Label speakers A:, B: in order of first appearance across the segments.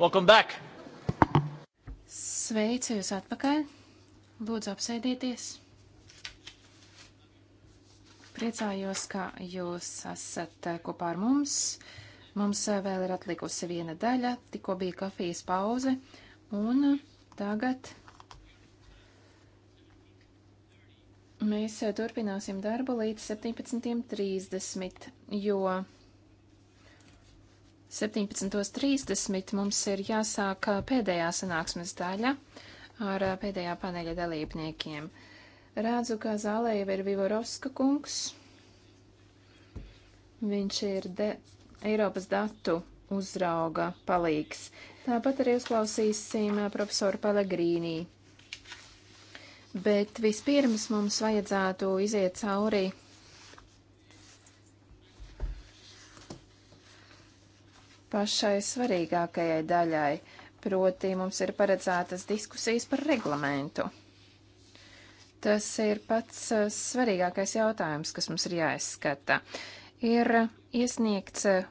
A: Welcome back! Sveicu jūs atpakaļ. Lūdzu, apsēdieties. Priecājos, ka jūs esat kopā ar mums. Mums vēl ir atlikusi viena daļa, tikko bija kafijas pauze, un tagad mēs turpināsim darbu līdz 17.30, jo 17.30 mums ir jāsāk pēdējā sanāksmes daļa ar pēdējā paneļa dalībniekiem. Rādzu, ka zālē jau ir Vivorovska kungs. Viņš ir de Eiropas datu uzrauga palīgs. Tāpat arī uzklausīsim profesoru Pelegrīnī. Bet vispirms mums vajadzētu iziet cauri pašai svarīgākajai daļai, proti mums ir paredzētas diskusijas par reglamentu. Tas ir pats eh, svarīgākais jautājums, kas mums ir jāizskata. Ir iesniegts eh,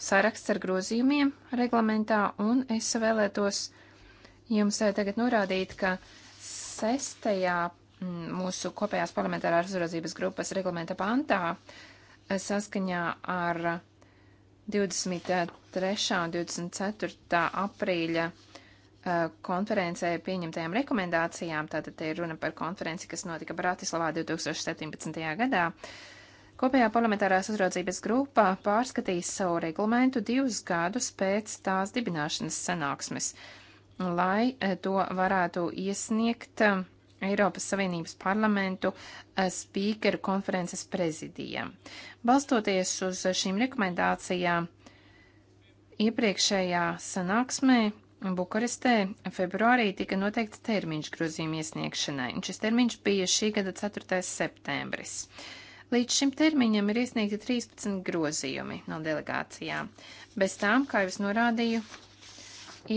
A: saraksts ar grozījumiem reglamentā, un es vēlētos jums eh, tagad norādīt, ka sestajā mm, mūsu kopējās parlamentārās uzraudzības grupas reglamenta pantā saskaņā ar 23. Eh, un 24. aprīļa eh, konferencē pieņemtajām rekomendācijām, tātad te ir runa par konferenci, kas notika Bratislavā 2017. gadā, kopējā parlamentārās uzraudzības grupā pārskatīs savu reglamentu divus gadus pēc tās dibināšanas sanāksmes, lai eh, to varētu iesniegt uh, Eiropas Savienības parlamentu eh, spīkeru konferences prezidijam. Balstoties uz šīm rekomendācijām, iepriekšējā sanāksmē Bukarestē februārī tika noteikts termiņš grozījuma iesniegšanai, un šis termiņš bija šī gada 4. septembris. Līdz šim termiņam ir iesniegti 13 grozījumi no delegācijām. Bez tām, kā jau es norādīju,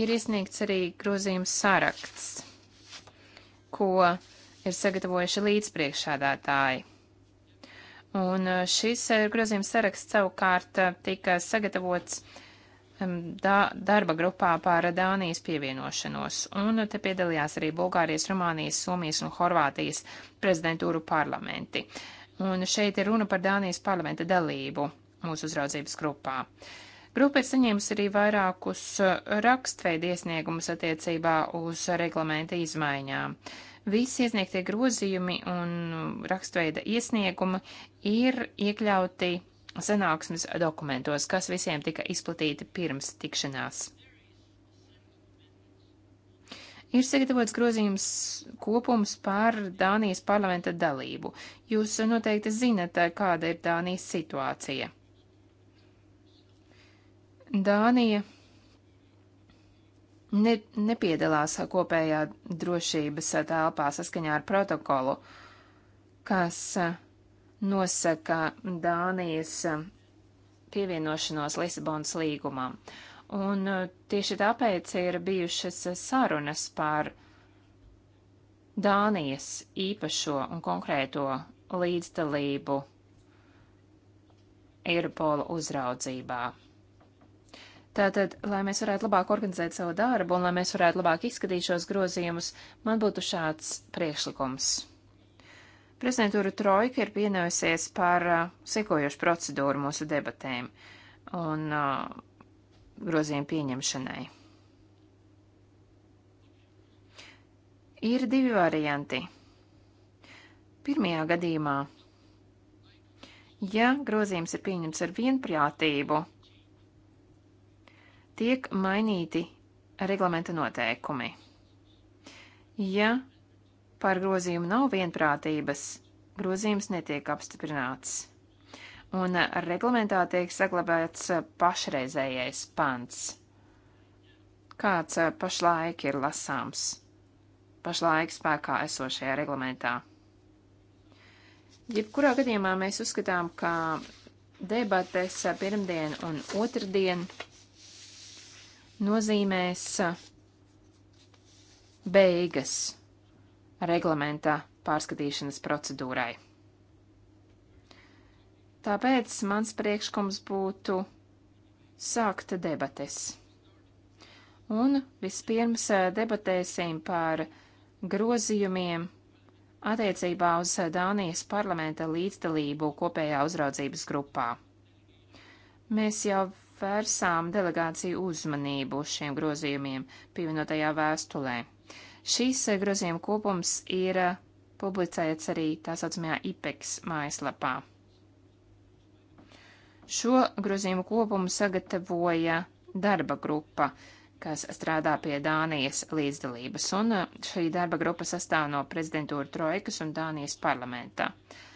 A: ir iesniegts arī grozījums saraksts ko ir sagatavojuši līdzpriekšādātāji. Un eh, šis eh, grozījums saraksts savukārt eh, tika sagatavots da darba grupā par Dānijas pievienošanos, un te piedalījās arī Bulgārijas, Rumānijas, Somijas un Horvātijas prezidentūru parlamenti. Un šeit ir runa par Dānijas parlamenta dalību mūsu uzraudzības grupā. Uh, Grupa ir saņēmusi arī vairākus uh, rakstveidu iesniegumus attiecībā uz reglamenta izmaiņām. Visi iesniegtie grozījumi un uh, rakstveida iesniegumi ir iekļauti sanāksmes dokumentos, kas visiem tika izplatīti pirms tikšanās. Ir sagatavots grozījums kopums par Dānijas parlamenta dalību. Jūs noteikti zinat, uh, kāda ir Dānijas situācija. Dānija ne, nepiedalās kopējā drošības telpā saskaņā ar protokolu, kas nosaka Dānijas pievienošanos Lisabonas līgumam. Un tieši tāpēc ir bijušas sarunas par Dānijas īpašo un konkrēto līdzdalību Eiropola uzraudzībā. Tātad, lai mēs varētu labāk organizēt savu darbu un lai mēs varētu labāk izskatīt šos grozījumus, man būtu šāds priekšlikums. Prezidentūra Trojka ir vienojusies par uh, sekojošu procedūru mūsu debatēm un uh, grozījumu pieņemšanai. Ir divi varianti. Pirmajā gadījumā, ja grozījums ir pieņemts ar vienprātību, tiek mainīti reglamenta noteikumi. Ja par grozījumu nav vienprātības, grozījums netiek apstiprināts. Un reglamentā tiek saglabāts pašreizējais pants, kāds pašlaik ir lasāms, pašlaik spēkā esošajā reglamentā. Jebkurā gadījumā mēs uzskatām, ka debates pirmdien un otrdien nozīmēs beigas reglamentā pārskatīšanas procedūrai. Tāpēc mans priekšlikums būtu sākt debates. Un vispirms debatēsim par grozījumiem attiecībā uz Dānijas parlamenta līdzdalību kopējā uzraudzības grupā. Mēs jau vērsām delegāciju uzmanību šiem grozījumiem pievienotajā vēstulē. Šīs eh, grozījuma kopums ir eh, publicēts arī tā saucamajā IPEX mājaslapā. Šo grozījumu kopumu sagatavoja darba grupa, kas strādā pie Dānijas līdzdalības, un eh, šī darba grupa sastāv no prezidentūra Trojkas un Dānijas parlamentā. Uh,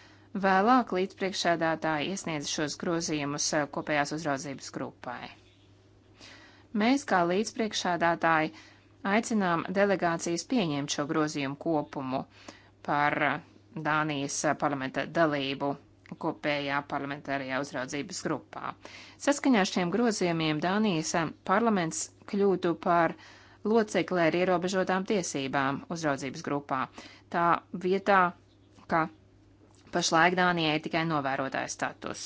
A: Vēlāk līdzpriekšēdātāji iesniedz šos grozījumus eh, kopējās uzraudzības grupai. Mēs, kā līdzpriekšēdātāji, aicinām delegācijas pieņemt šo grozījumu kopumu par eh, Dānijas eh, parlamenta dalību kopējā parlamentārajā uzraudzības grupā. Saskaņā ar šiem grozījumiem Dānijas parlaments kļūtu par locekli ar ierobežotām tiesībām uzraudzības grupā, tā vietā, ka Pašlaik Dānijai tikai novērotāja status.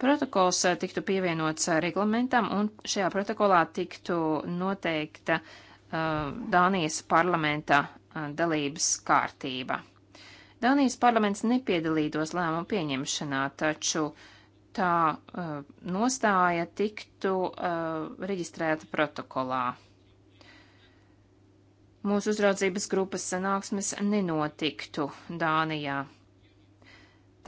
A: Protokols eh, tiktu pievienots eh, reglamentam, un šajā protokolā tiktu noteikta uh, Dānijas parlamenta uh, dalības kārtība. Dānijas parlaments nepiedalītos lēmumu pieņemšanā, taču tā uh, nostāja tiktu uh, reģistrēta protokolā. Mūsu uzraudzības grupas sanāksmes nenotiktu Dānijā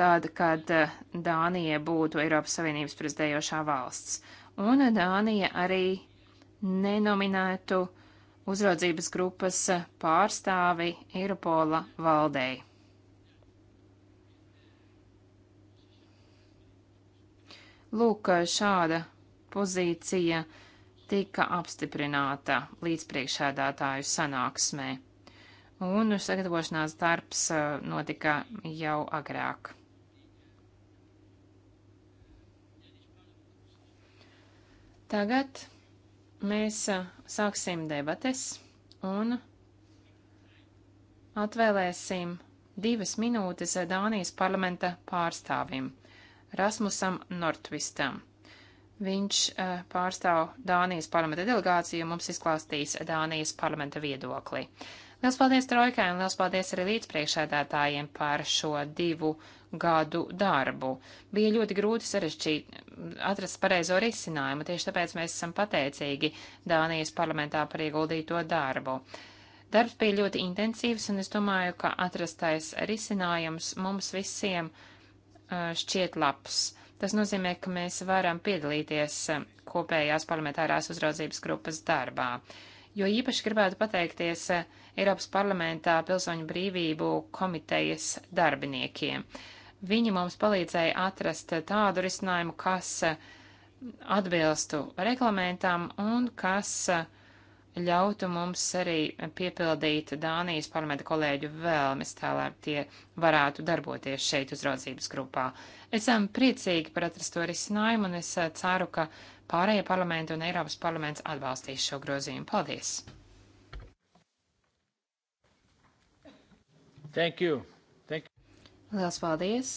A: tad, kad eh, Dānija būtu Eiropas Savienības prezidējošā valsts. Un Dānija arī nenominētu uzraudzības grupas pārstāvi Eiropola valdei. Lūk, šāda pozīcija tika apstiprināta līdz priekšēdātāju sanāksmē, un sagatavošanās darbs eh, notika jau agrāk. Tagad mēs sāksim debates un atvēlēsim divas minūtes Dānijas parlamenta pārstāvim Rasmusam Nortvistam. Viņš pārstāv Dānijas parlamenta delegāciju un mums izklāstīs Dānijas parlamenta viedokli. Liels paldies Trojkai un liels paldies arī līdzpriekšēdētājiem par šo divu uh, gadu darbu. Bija ļoti grūti sarežģīt atrast pareizo risinājumu, tieši tāpēc mēs esam pateicīgi Dānijas parlamentā par ieguldīto darbu. Darbs bija ļoti intensīvs, un es domāju, ka atrastais risinājums mums visiem šķiet labs. Tas nozīmē, ka mēs varam piedalīties kopējās parlamentārās uzraudzības grupas darbā jo īpaši gribētu pateikties Eiropas parlamentā pilsoņu brīvību komitejas darbiniekiem. Viņi mums palīdzēja atrast tādu risinājumu, kas atbilstu reglamentam un kas ļautu mums arī piepildīt Dānijas parlamenta kolēģu vēlmes, tā lai tie varētu darboties šeit uzraudzības grupā. Esam priecīgi par atrasto risinājumu un es ceru, ka pārējie parlamenti un Eiropas parlaments atbalstīs šo grozījumu. Paldies! Thank you. Liels paldies!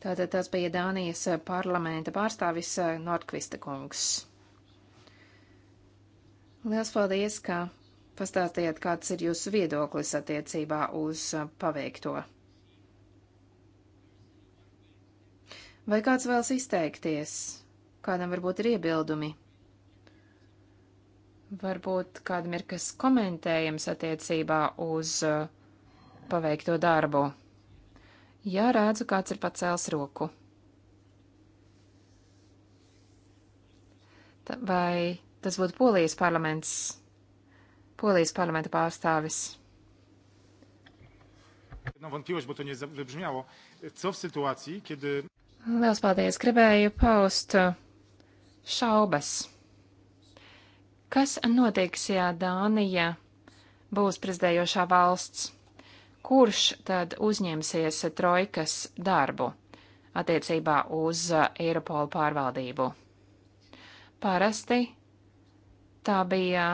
A: Tātad tas bija Dānijas parlamenta pārstāvis eh, Nordkvista kungs. Liels paldies, ka pastāstījāt, kāds ir jūsu viedoklis attiecībā uz eh, paveikto. Vai kāds vēlas izteikties? Kādam varbūt ir iebildumi? Varbūt kādam ir kas komentējams attiecībā uz uh, paveikto darbu. Jā, redzu, kāds ir pacēls roku. Ta, vai tas būtu Polijas parlaments? Polijas parlamenta pārstāvis.
B: No, wątpliwość, bo to nie wybrzmiało. Co w sytuacji, kiedy...
A: Liels paldies! Gribēju paust šaubas. Kas notiks, ja Dānija būs prezidējošā valsts? kurš tad uzņemsies trojkas darbu attiecībā uz Eiropolu pārvaldību. Parasti tā bija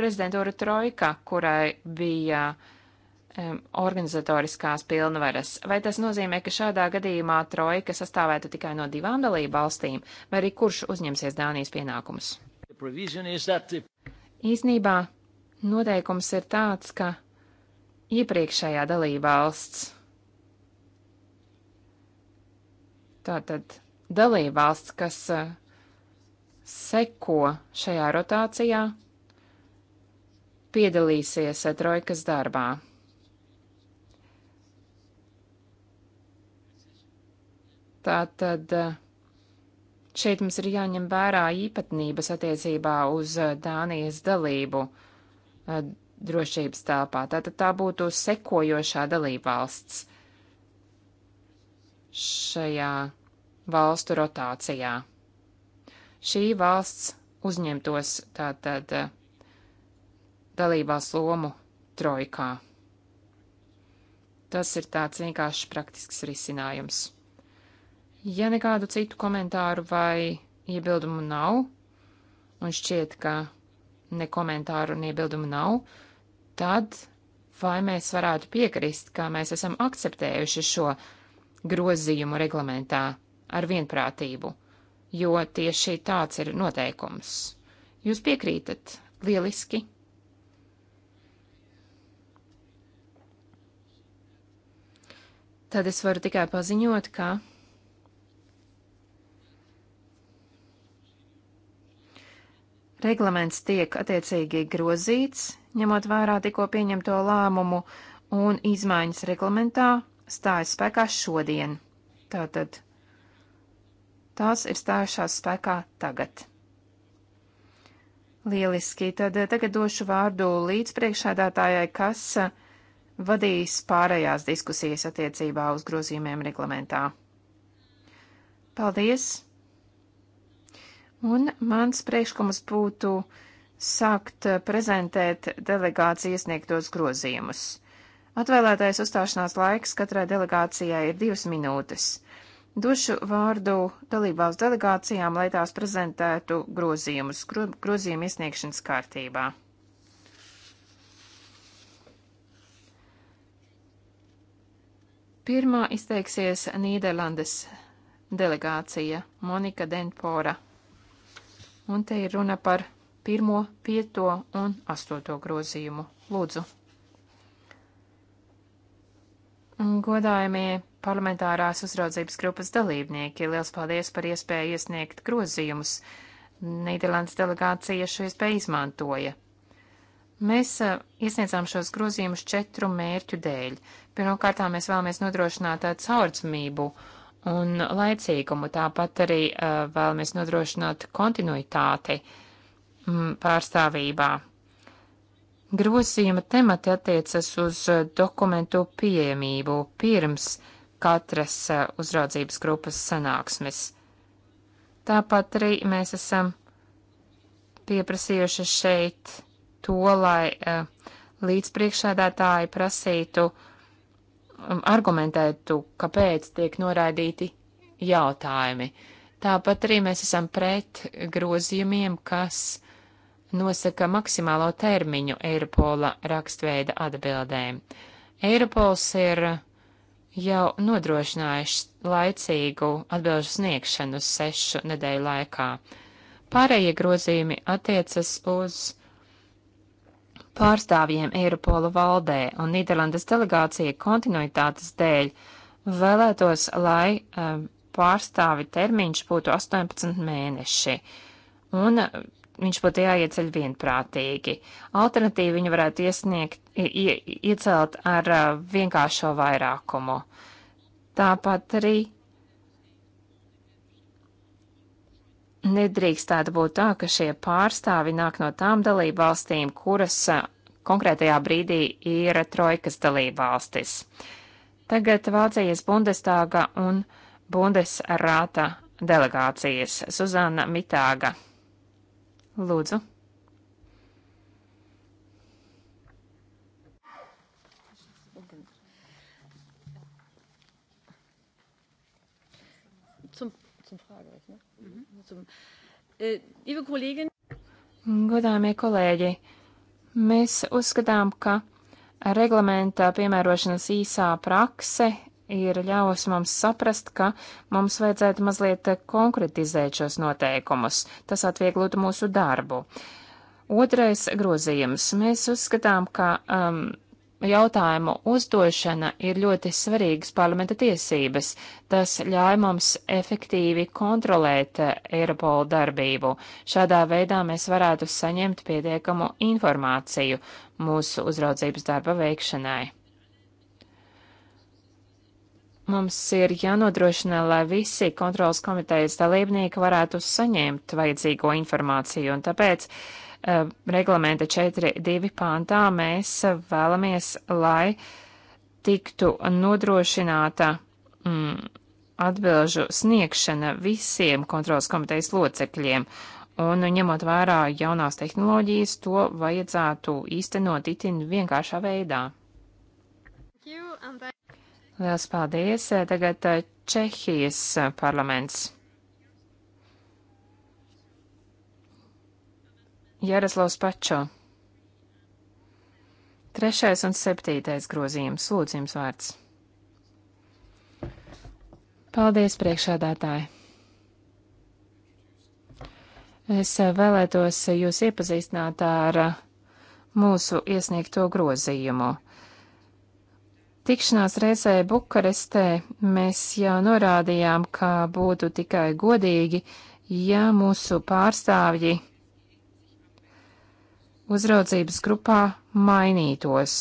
A: prezidentūra trojka, kurai bija um, organizatoriskās pilnvaras. Vai tas nozīmē, ka šādā gadījumā trojka sastāvētu tikai no divām dalību valstīm, vai arī kurš uzņemsies Dānijas pienākumus? Īsnībā noteikums ir tāds, ka iepriekšējā dalībvalsts. Tātad dalībvalsts, kas uh, seko šajā rotācijā, piedalīsies uh, trojkas darbā. Tātad uh, šeit mums ir jāņem vērā īpatnības attiecībā uz Dānijas dalību drošības telpā. Tātad tā būtu sekojošā dalībvalsts šajā valstu rotācijā. Šī valsts uzņemtos tātad eh, dalībās lomu trojkā. Tas ir tāds vienkāršs praktisks risinājums. Ja nekādu citu komentāru vai iebildumu nav, un šķiet, ka ne komentāru un iebildumu nav, tad vai mēs varētu piekrist, ka mēs esam akceptējuši šo grozījumu reglamentā ar vienprātību, jo tieši tāds ir noteikums. Jūs piekrītat? Lieliski! Tad es varu tikai paziņot, ka reglaments tiek attiecīgi grozīts, Ņemot vērā tikko pieņemto lēmumu un izmaiņas reglamentā, stājas spēkā šodien. Tātad tās ir stājušās spēkā tagad. Lieliski, tad eh, tagad došu vārdu līdzpriekšādātājai, kas eh, vadīs pārējās diskusijas attiecībā uz grozījumiem reglamentā. Paldies! Un mans priekšlikums būtu uh, sākt eh, prezentēt delegācijas iesniegtos grozījumus. Atvēlētais uzstāšanās laiks katrai delegācijai ir divas minūtes. Došu vārdu dalībās delegācijām, lai tās prezentētu grozījumus, gro, grozījumu iesniegšanas kārtībā. Pirmā izteiksies Nīderlandes delegācija Monika Denpora. Un te ir runa par pirmo, pieto un astoto grozījumu. Lūdzu. Godājumie parlamentārās uzraudzības grupas dalībnieki, liels paldies par iespēju iesniegt grozījumus. Nīderlandes delegācija šo iespēju izmantoja. Mēs a, eh, iesniedzām šos grozījumus četru mērķu dēļ. Pirmkārt, mēs vēlamies nodrošināt eh, caurdzmību un laicīgumu, tāpat arī a, eh, vēlamies nodrošināt kontinuitāti. Uh, Mm, pārstāvībā. Grozījuma temati attiecas uz eh, dokumentu pieejamību pirms katras eh, uzraudzības grupas sanāksmes. Tāpat arī mēs esam pieprasījuši šeit to, lai eh, līdzpriekšādātāji prasītu, mm, argumentētu, kāpēc tiek noraidīti jautājumi. Tāpat arī mēs esam pret grozījumiem, kas nosaka maksimālo termiņu Eiropola rakstveida atbildēm. Eiropols ir jau nodrošinājis laicīgu atbilžu sniegšanu sešu nedēļu laikā. Pārējie grozījumi attiecas uz pārstāvjiem Eiropola valdē un Nīderlandes delegācija kontinuitātes dēļ vēlētos, lai um, pārstāvi termiņš būtu 18 mēneši. Un viņš būtu jāieceļ vienprātīgi. Alternatīvi viņu varētu iesniegt, ie, iecelt ar vienkāršo vairākumu. Tāpat arī nedrīkstētu būt tā, ka šie pārstāvi nāk no tām dalību valstīm, kuras konkrētajā brīdī ir trojkas dalību valstis. Tagad Vācijas Bundestāga un Bundesrāta delegācijas Suzana Mitāga Lūdzu.
C: Zum, zum Fragerecht, ne? Mhm. Zum, äh, liebe Kollegin.
A: Godāmie kolēģi, mēs uzskatām, ka reglamenta piemērošanas īsā prakse ir ļāvusi mums saprast, ka mums vajadzētu mazliet konkretizēt šos noteikumus. Tas atvieglotu mūsu darbu. Otrais grozījums. Mēs uzskatām, ka um, jautājumu uzdošana ir ļoti svarīgas parlamenta tiesības. Tas ļauj mums efektīvi kontrolēt eh, Eiropola darbību. Šādā veidā mēs varētu saņemt pietiekamu informāciju mūsu uzraudzības darba veikšanai. Mums ir jānodrošina, lai visi kontrolas komitejas dalībnieki varētu saņemt vajadzīgo informāciju, un tāpēc uh, reglamenta 4.2 pāntā mēs vēlamies, lai tiktu nodrošināta mm, atbilžu sniegšana visiem kontrolas komitejas locekļiem, un ņemot vērā jaunās tehnoloģijas, to vajadzētu īstenot itin vienkāršā veidā. Lielas paldies. Eh, tagad eh, Čehijas eh, parlaments. Jaroslavs Pačo. Trešais un septītais grozījums. Lūdzu, jums vārds. Paldies, priekšādātāji. Es vēlētos jūs iepazīstināt ar mūsu iesniegto grozījumu. Tikšanās reizē Bukarestē mēs jau norādījām, ka būtu tikai godīgi, ja mūsu pārstāvji uzraudzības grupā mainītos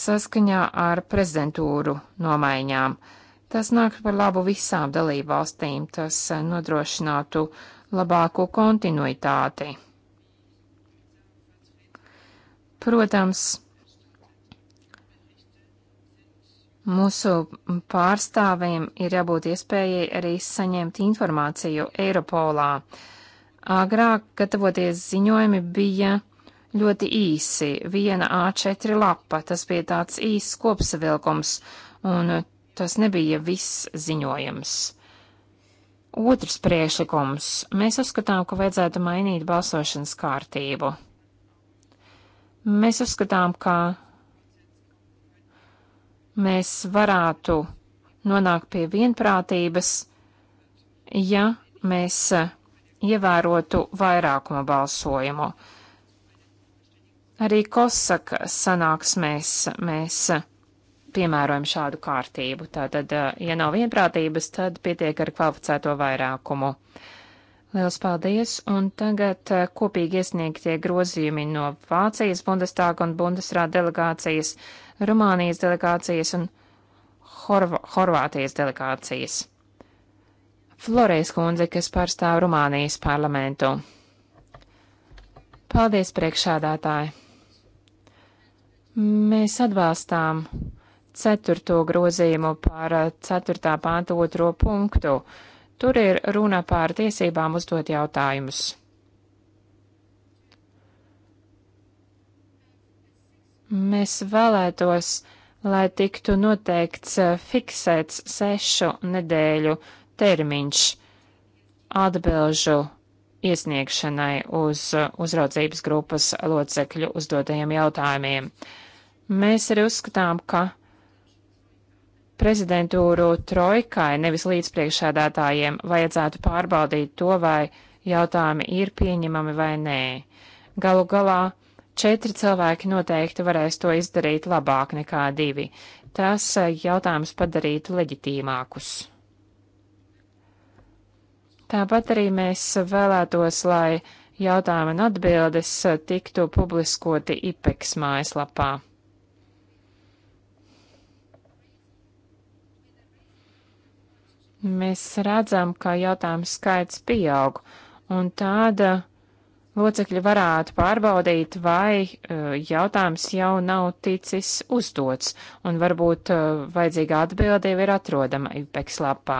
A: saskaņā ar prezidentūru nomaiņām. Tas nāk par labu visām dalību valstīm, tas eh, nodrošinātu labāko kontinuitāti. Protams, Mūsu pārstāvim ir jābūt iespējai arī saņemt informāciju Eiropolā. Agrāk gatavoties ziņojumi bija ļoti īsi, viena A4 lapa, tas bija tāds īss kopsavilkums, un tas nebija viss ziņojums. Otrs priekšlikums. Mēs uzskatām, ka vajadzētu mainīt balsošanas kārtību. Mēs uzskatām, ka mēs varētu nonākt pie vienprātības, ja mēs eh, ievērotu vairākuma balsojumu. Arī Kosaka sanāksmēs mēs eh, piemērojam šādu kārtību. Tātad, eh, ja nav vienprātības, tad pietiek ar kvalificēto vairākumu. Liels paldies, un tagad kopīgi iesniegtie grozījumi no Vācijas Bundestāga un Bundesrā delegācijas Rumānijas delegācijas un Horv Horvātijas delegācijas. Florijas kundze, kas pārstāv Rumānijas parlamentu. Paldies, priekšādātāji! Mēs atbalstām ceturto grozījumu par ceturtā pānta otro punktu. Tur ir runa par tiesībām uzdot jautājumus. Mēs vēlētos, lai tiktu noteikts eh, fiksēts sešu nedēļu termiņš atbilžu iesniegšanai uz eh, uzraudzības grupas locekļu uzdotajiem jautājumiem. Mēs arī uzskatām, ka prezidentūru trojkai, nevis līdzpriekšādātājiem, vajadzētu pārbaudīt to, vai jautājumi ir pieņemami vai nē. Galu galā četri cilvēki noteikti varēs to izdarīt labāk nekā divi. Tas eh, jautājums padarītu leģitīmākus. Tāpat arī mēs vēlētos, lai jautājumi un atbildes eh, tiktu publiskoti IPEX mājaslapā. Mēs redzam, ka jautājumu skaits pieaug, un tāda locekļi varētu pārbaudīt, vai eh, jautājums jau nav ticis uzdots, un varbūt eh, vajadzīgā atbilde jau ir atrodama IPEX lapā.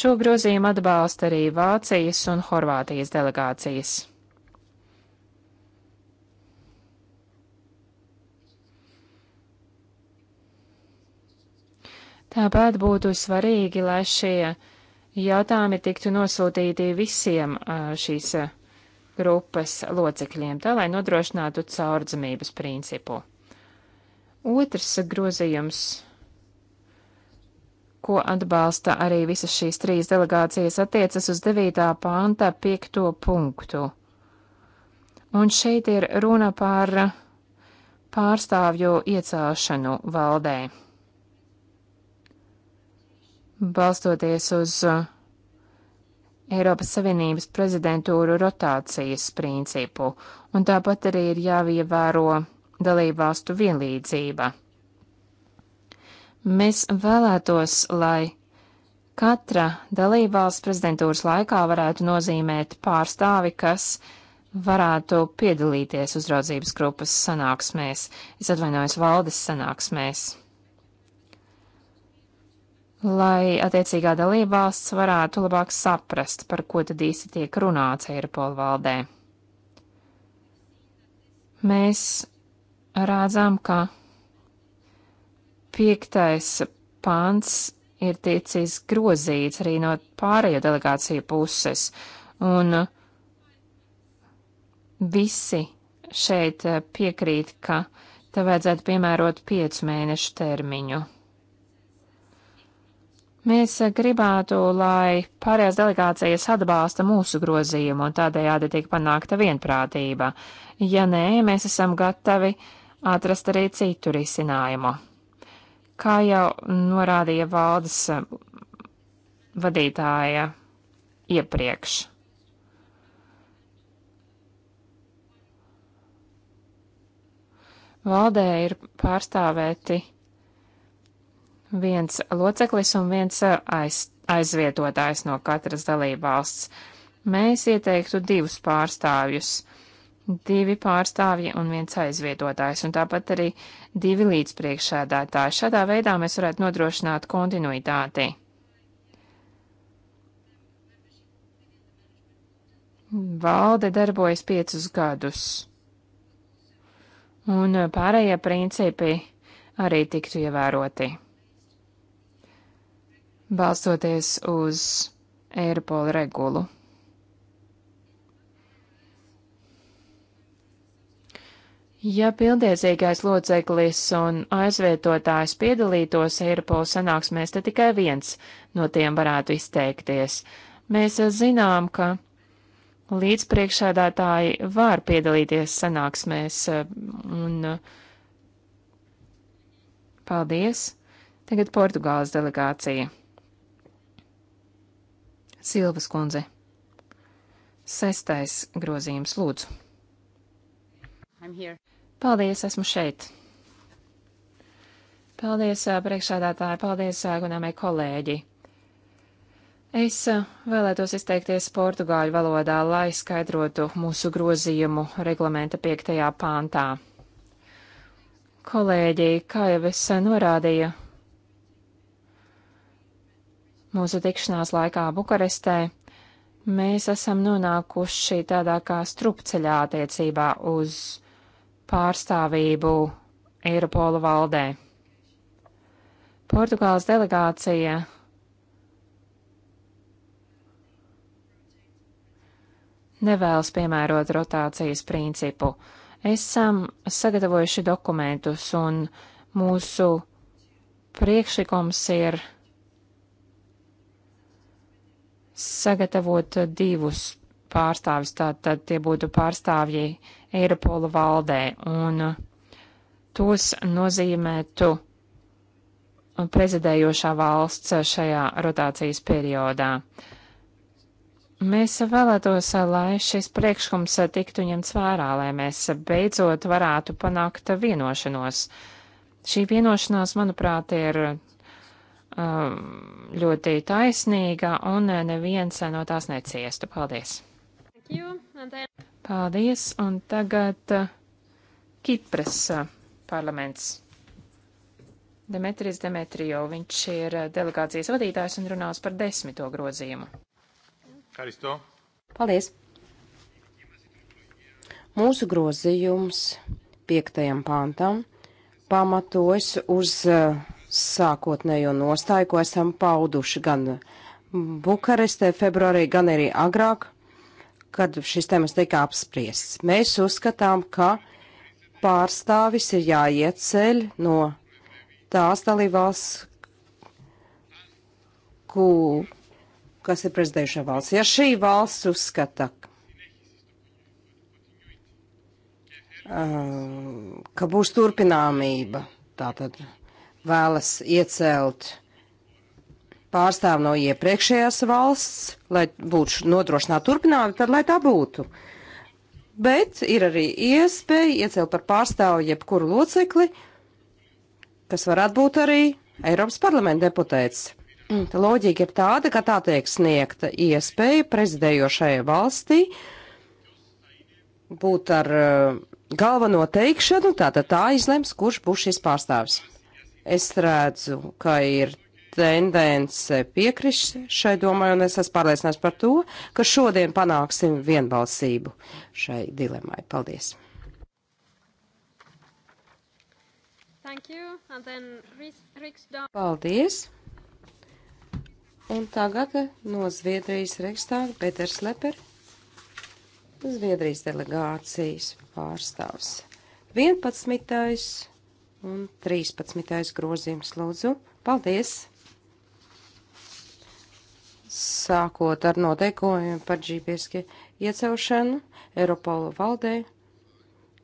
A: Šo grozījumu atbalsta arī Vācijas un Horvātijas delegācijas. Tāpat būtu svarīgi, lai šie jautājumi tiktu nosūtīti visiem eh, šīs grupas locekļiem, tā lai nodrošinātu caurdzamības principu. Otrs grozījums, ko atbalsta arī visas šīs trīs delegācijas, attiecas uz 9. pānta 5. punktu. Un šeit ir runa par pārstāvju iecelšanu valdē. Balstoties uz uh, Eiropas Savienības prezidentūru rotācijas principu, un tāpat arī ir jāievēro dalībvalstu vienlīdzība. Mēs vēlētos, lai katra dalībvalsts prezidentūras laikā varētu nozīmēt pārstāvi, kas varētu piedalīties uzraudzības grupas sanāksmēs, es atvainojos valdes sanāksmēs lai attiecīgā dalībvalsts varētu labāk saprast, par ko tad īsti tiek runāts Eiropol valdē. Mēs rādzām, ka piektais pants ir ticis grozīts arī no pārējo delegāciju puses, un visi šeit piekrīt, ka te vajadzētu piemērot piecu mēnešu termiņu. Mēs gribētu, lai pārējās delegācijas atbalsta mūsu grozījumu un tādējādi tiek panākta vienprātība. Ja nē, mēs esam gatavi atrast arī citu risinājumu. Kā jau norādīja valdes vadītāja iepriekš. Valdē ir pārstāvēti viens loceklis un viens uh, aiz, aizvietotājs no katras dalībvalsts. Mēs ieteiktu divus pārstāvjus - divi pārstāvji un viens aizvietotājs, un tāpat arī divi līdzpriekšēdētāji. Šādā veidā mēs varētu nodrošināt kontinuitāti. Valde darbojas piecus gadus, un uh, pārējie principi arī tiktu ievēroti balstoties uz Eiropola regulu. Ja pildiecīgais loceklis un aizvietotājs piedalītos Eiropola sanāksmēs, tad tikai viens no tiem varētu izteikties. Mēs zinām, ka līdzpriekšādātāji var piedalīties sanāksmēs un paldies. Tagad Portugāles delegācija. Silvas kundze. Sestais grozījums lūdzu. Paldies, esmu šeit. Paldies, priekšādātāji, paldies, gunāmie kolēģi. Es vēlētos izteikties portugāļu valodā, lai skaidrotu mūsu grozījumu reglamenta piektajā pāntā. Kolēģi, kā jau es norādīju, mūsu tikšanās laikā Bukarestē, mēs esam nonākuši tādā kā strupceļā attiecībā uz pārstāvību Eiropola valdē. Portugāles delegācija nevēlas piemērot rotācijas principu. Esam sagatavojuši dokumentus, un mūsu priekšlikums ir sagatavot divus pārstāvis, tātad tie būtu pārstāvji Eiropola valdē, un tos nozīmētu prezidējošā valsts šajā rotācijas periodā. Mēs vēlētos, lai šis priekšlikums tiktu ņemts vērā, lai mēs beidzot varētu panākt vienošanos. Šī vienošanās, manuprāt, ir Um, ļoti taisnīga un neviens no tās neciestu. Paldies! Paldies! Un tagad uh, Kipras uh, parlaments. Demetris Demetrijo, viņš ir uh, delegācijas vadītājs un runās par desmito grozījumu. Karisto. Paldies!
B: Mūsu grozījums piektajam pāntam pamatojas uz uh, sākotnējo nostāju, ko esam pauduši gan Bukarestē februārī, gan arī agrāk, kad šis temats tika apspriests. Mēs uzskatām, ka pārstāvis ir jāieceļ no tās dalībvalsts, ku, kas ir prezidējušā valsts. Ja šī valsts uzskata, ka būs turpināmība, tātad vēlas iecelt pārstāv no iepriekšējās valsts, lai būtu nodrošināta turpināma, tad lai tā būtu. Bet ir arī iespēja iecelt par pārstāvu jebkuru locekli, kas varētu būt arī Eiropas parlamenta deputēts. Mm. Loģika ir tāda, ka tā tiek sniegta iespēja prezidējošajai valstī būt ar uh, galveno teikšanu, tātad tā izlems, kurš būs šis pārstāvis. Es redzu, ka ir tendence piekrist šai domai, un es esmu pārliecināts par to, ka šodien panāksim vienbalsību šai dilemai. Paldies!
C: You, Riks,
B: Paldies! Un tagad no Zviedrijas Reikstāga Pēters Leper, Zviedrijas delegācijas pārstāvs. 11 un 13. grozījums lūdzu. Paldies! Sākot ar noteikumiem par GPS iecelšanu Eiropola valdē,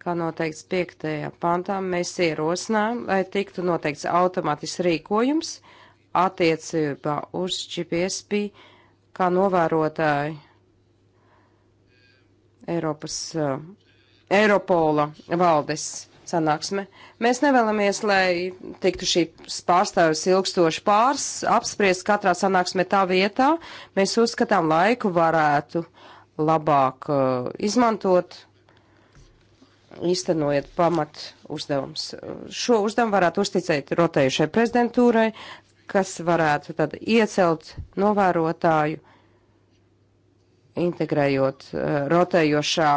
B: kā noteikts 5. pantā, mēs ierosinām, lai tiktu noteikts automātisks rīkojums attiecībā uz GPSP kā novērotāju Eiropas, uh, Eiropola valdes sanāksme. Mēs nevēlamies, lai tiktu šī pārstāvis ilgstoši pārs, apspriest katrā sanāksmē tā vietā. Mēs uzskatām laiku varētu labāk uh, izmantot, īstenojot pamat uzdevums. Uh, šo uzdevumu varētu uzticēt rotējušai prezidentūrai, kas varētu tad iecelt novērotāju, integrējot uh, rotējošā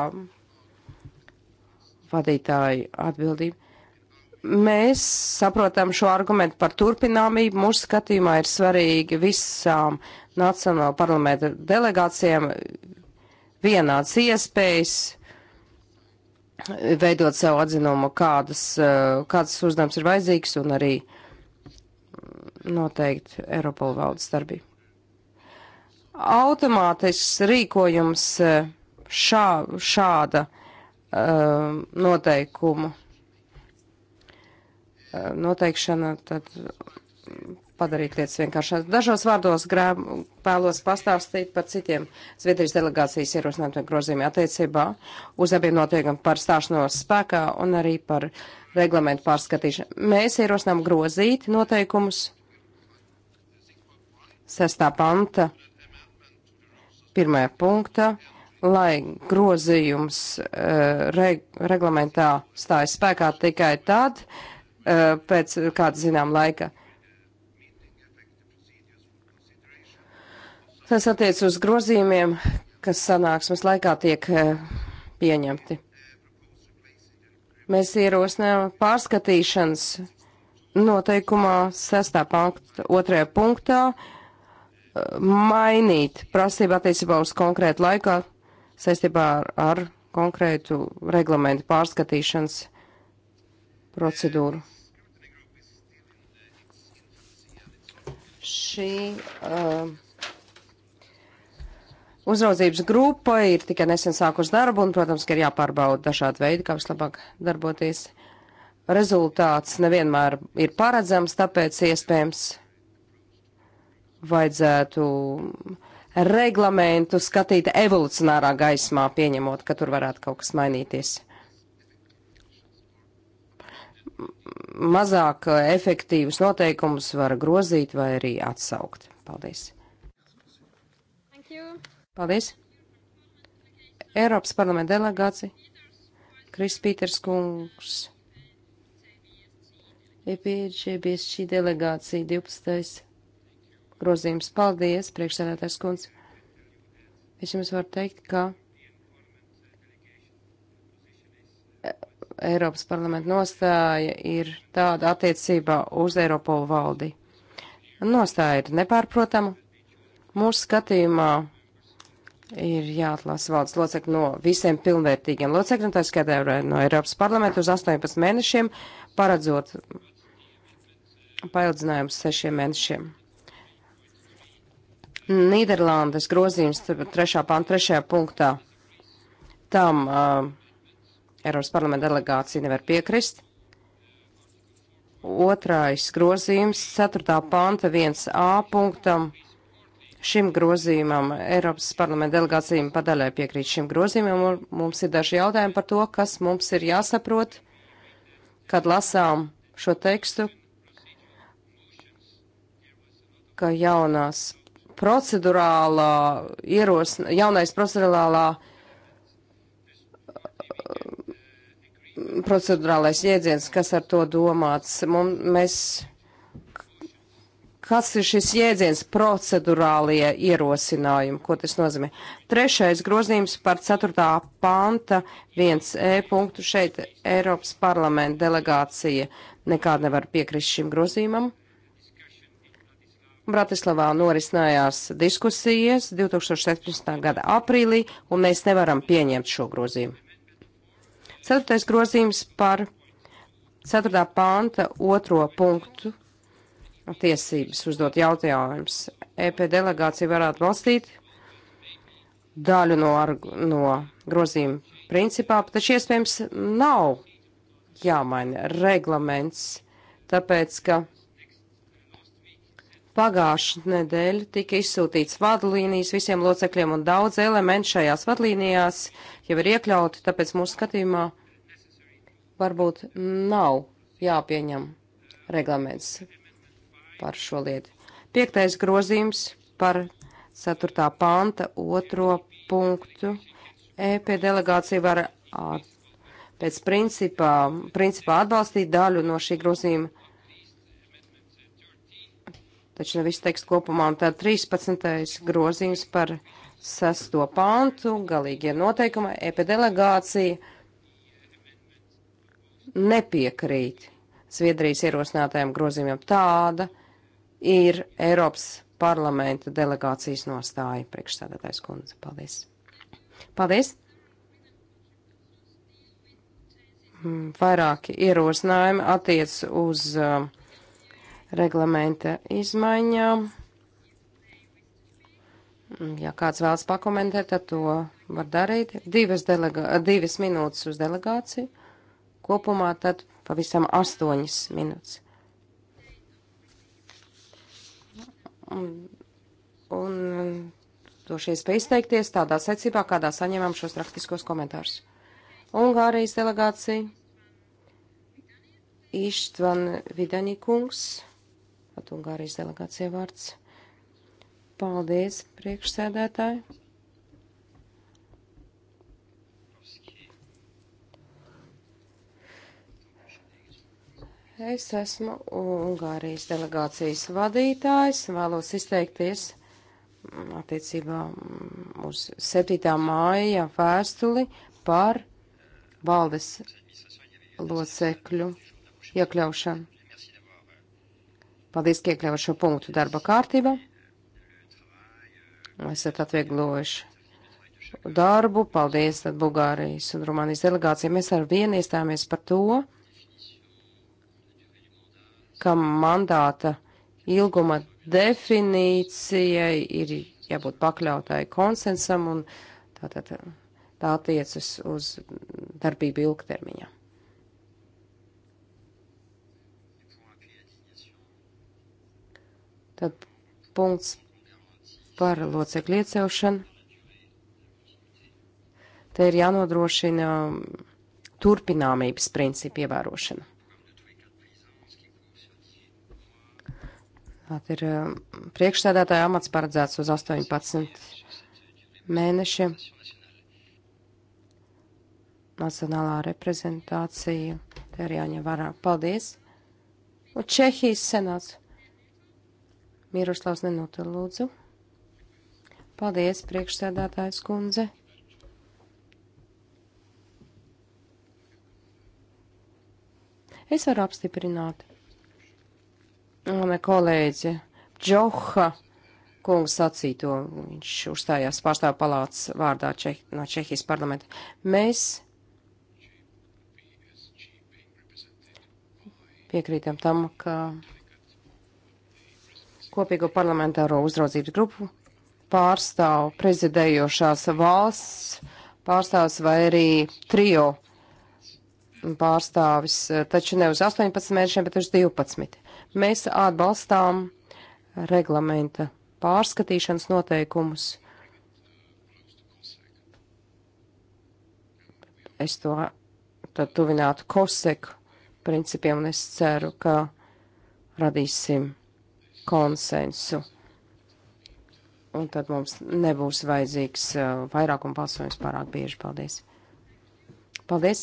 B: vadītāju atbildību. Mēs saprotam šo argumentu par turpināmību. Mūsu skatījumā ir svarīgi visām Nacionāla parlamenta delegācijām vienāds iespējas veidot savu atzinumu, kādas, eh, kādas uzdevums ir vajadzīgs un arī noteikti Eiropola valdes darbību. Automātisks rīkojums eh, šā, šāda uh, uh, noteikumu uh, noteikšana tad padarīt lietas vienkāršākas. Dažos vārdos grēb, vēlos pastāstīt par citiem Zviedrijas delegācijas ierosinātiem grozījumiem attiecībā uz abiem noteikumiem par stāšanos spēkā un arī par reglamentu pārskatīšanu. Mēs ierosinām grozīt noteikumus sestā panta pirmajā punktā lai grozījums uh, eh, reg reglamentā stājas spēkā tikai tad, uh, pēc kāda zinām laika. Tas attiec uz grozījumiem, kas sanāksmes laikā tiek uh, pieņemti. Mēs ierosinām pārskatīšanas noteikumā sestā punkta, otrajā punktā mainīt prasību attiecībā uz konkrētu laiku saistībā ar, ar konkrētu reglamentu pārskatīšanas procedūru. Šī uh, uzraudzības grupa ir tikai nesen sākus darbu un, protams, ka ir jāpārbauda dažādi veidi, kā vislabāk darboties. Rezultāts nevienmēr ir paredzams, tāpēc iespējams vajadzētu uh, reglamentu skatīt evolucionārā gaismā, pieņemot, ka tur varētu kaut kas mainīties. Mazāk efektīvus noteikumus var grozīt vai arī atsaukt. Paldies. Paldies. Eiropas parlamenta delegācija. Kris Pīters kungs. EPČB šī delegācija 12 grozījums. Paldies, priekšsēdētājs kundze. Es jums varu teikt, ka e, Eiropas parlamenta nostāja ir tāda attiecībā uz Eiropolu valdi. Nostāja ir nepārprotama. Mūsu skatījumā ir jāatlasa valdes locekļi no visiem pilnvērtīgiem locekļiem, tā skatā no Eiropas parlamenta uz 18 mēnešiem, paredzot paildzinājumu sešiem mēnešiem. Nīderlandes grozījums trešā pānta trešajā punktā. Tam uh, Eiropas parlamenta delegācija nevar piekrist. Otrais grozījums, 4. panta 1a punktam. Šim grozījumam Eiropas parlamenta delegācijām padaļai piekrīt šim grozījumam, un mums ir daži jautājumi par to, kas mums ir jāsaprot, kad lasām šo tekstu, ka jaunās procedurālā ierosina, jaunais procedurālā procedurālais jēdziens, kas ar to domāts. Mums, mēs, kāds ir šis jēdziens procedurālie ierosinājumi, ko tas nozīmē? Trešais grozījums par 4. panta 1e punktu šeit Eiropas parlamenta delegācija nekād nevar piekrist šim grozījumam. Bratislavā norisinājās diskusijas 2017. gada aprīlī, un mēs nevaram pieņemt šo grozījumu. Ceturtais grozījums par 4. panta otro punktu tiesības uzdot jautājumus. EP delegācija varētu balstīt daļu no, no grozījuma principā, taču iespējams nav jāmaina reglaments, tāpēc, ka Pagājušā nedēļa tika izsūtīts vadlīnijas visiem locekļiem, un daudz elementu šajās vadlīnijās jau ir iekļauti, tāpēc mūsu skatījumā varbūt nav jāpieņem reglaments par šo lietu. Piektais grozījums par 4. panta otro punktu. EP delegācija var pēc principā, principā atbalstīt daļu no šī grozījuma taču ne visu tekstu kopumā, un tā 13. grozījums par sesto pantu, galīgie noteikumi, EP delegācija nepiekrīt Zviedrijas ierosinātajam grozījumam tāda ir Eiropas parlamenta delegācijas nostāja priekšstādātais kundze. Paldies. Paldies. Mm, vairāki ierosinājumi attiec uz uh, reglamenta izmaiņām. Ja kāds vēlas pakomentēt, tad to var darīt. Divas, delega, divas minūtes uz delegāciju. Kopumā tad pavisam astoņas minūtes. Un, un došies pie izteikties tādā secībā, kādā saņemam šos rakstiskos komentārus. Ungārijas delegācija. Ištvan Vidanikungs At Ungārijas delegācija vārds. Paldies, priekšsēdētāji. Es esmu Ungārijas delegācijas vadītājs, vēlos izteikties attiecībā uz 7. māja vēstuli par valdes locekļu iekļaušanu. Paldies, ka iekļāvāt šo punktu darba kārtībā. Esat atvieglojuši darbu. Paldies tad Bulgārijas un Rumānijas delegācija. Mēs ar vienu iestājāmies par to, ka mandāta ilguma definīcijai ir jābūt pakļautai konsensam un tātad tā attiecas uz darbību ilgtermiņā. Tad punkts par locekļu iecelšanu. Te ir jānodrošina um, turpināmības principu ievērošana. Tātad ir um, priekšstādātāja amats paredzēts uz 18 mēnešiem. Nacionālā reprezentācija. Te arī jāņem vērā. Paldies! Un Čehijas senāts. Miroslavs Nenota, lūdzu. Paldies, priekšsēdētājs kundze. Es varu apstiprināt. Mana kolēģe Džoha kungs sacīto, viņš uzstājās pārstāvu palāts vārdā Čeh, no Čehijas parlamenta. Mēs piekrītam tam, ka Kopīgo parlamentāro uzraudzības grupu pārstāv prezidējošās valsts pārstāvs vai arī trio pārstāvis, taču ne uz 18 mēnešiem, bet uz 12. Mēs atbalstām reglamenta pārskatīšanas noteikumus. Es to tad tuvinātu koseku principiem, un es ceru, ka radīsim konsensu. Un tad mums nebūs vajadzīgs uh, vairākuma balsojums pārāk bieži. Paldies! Paldies!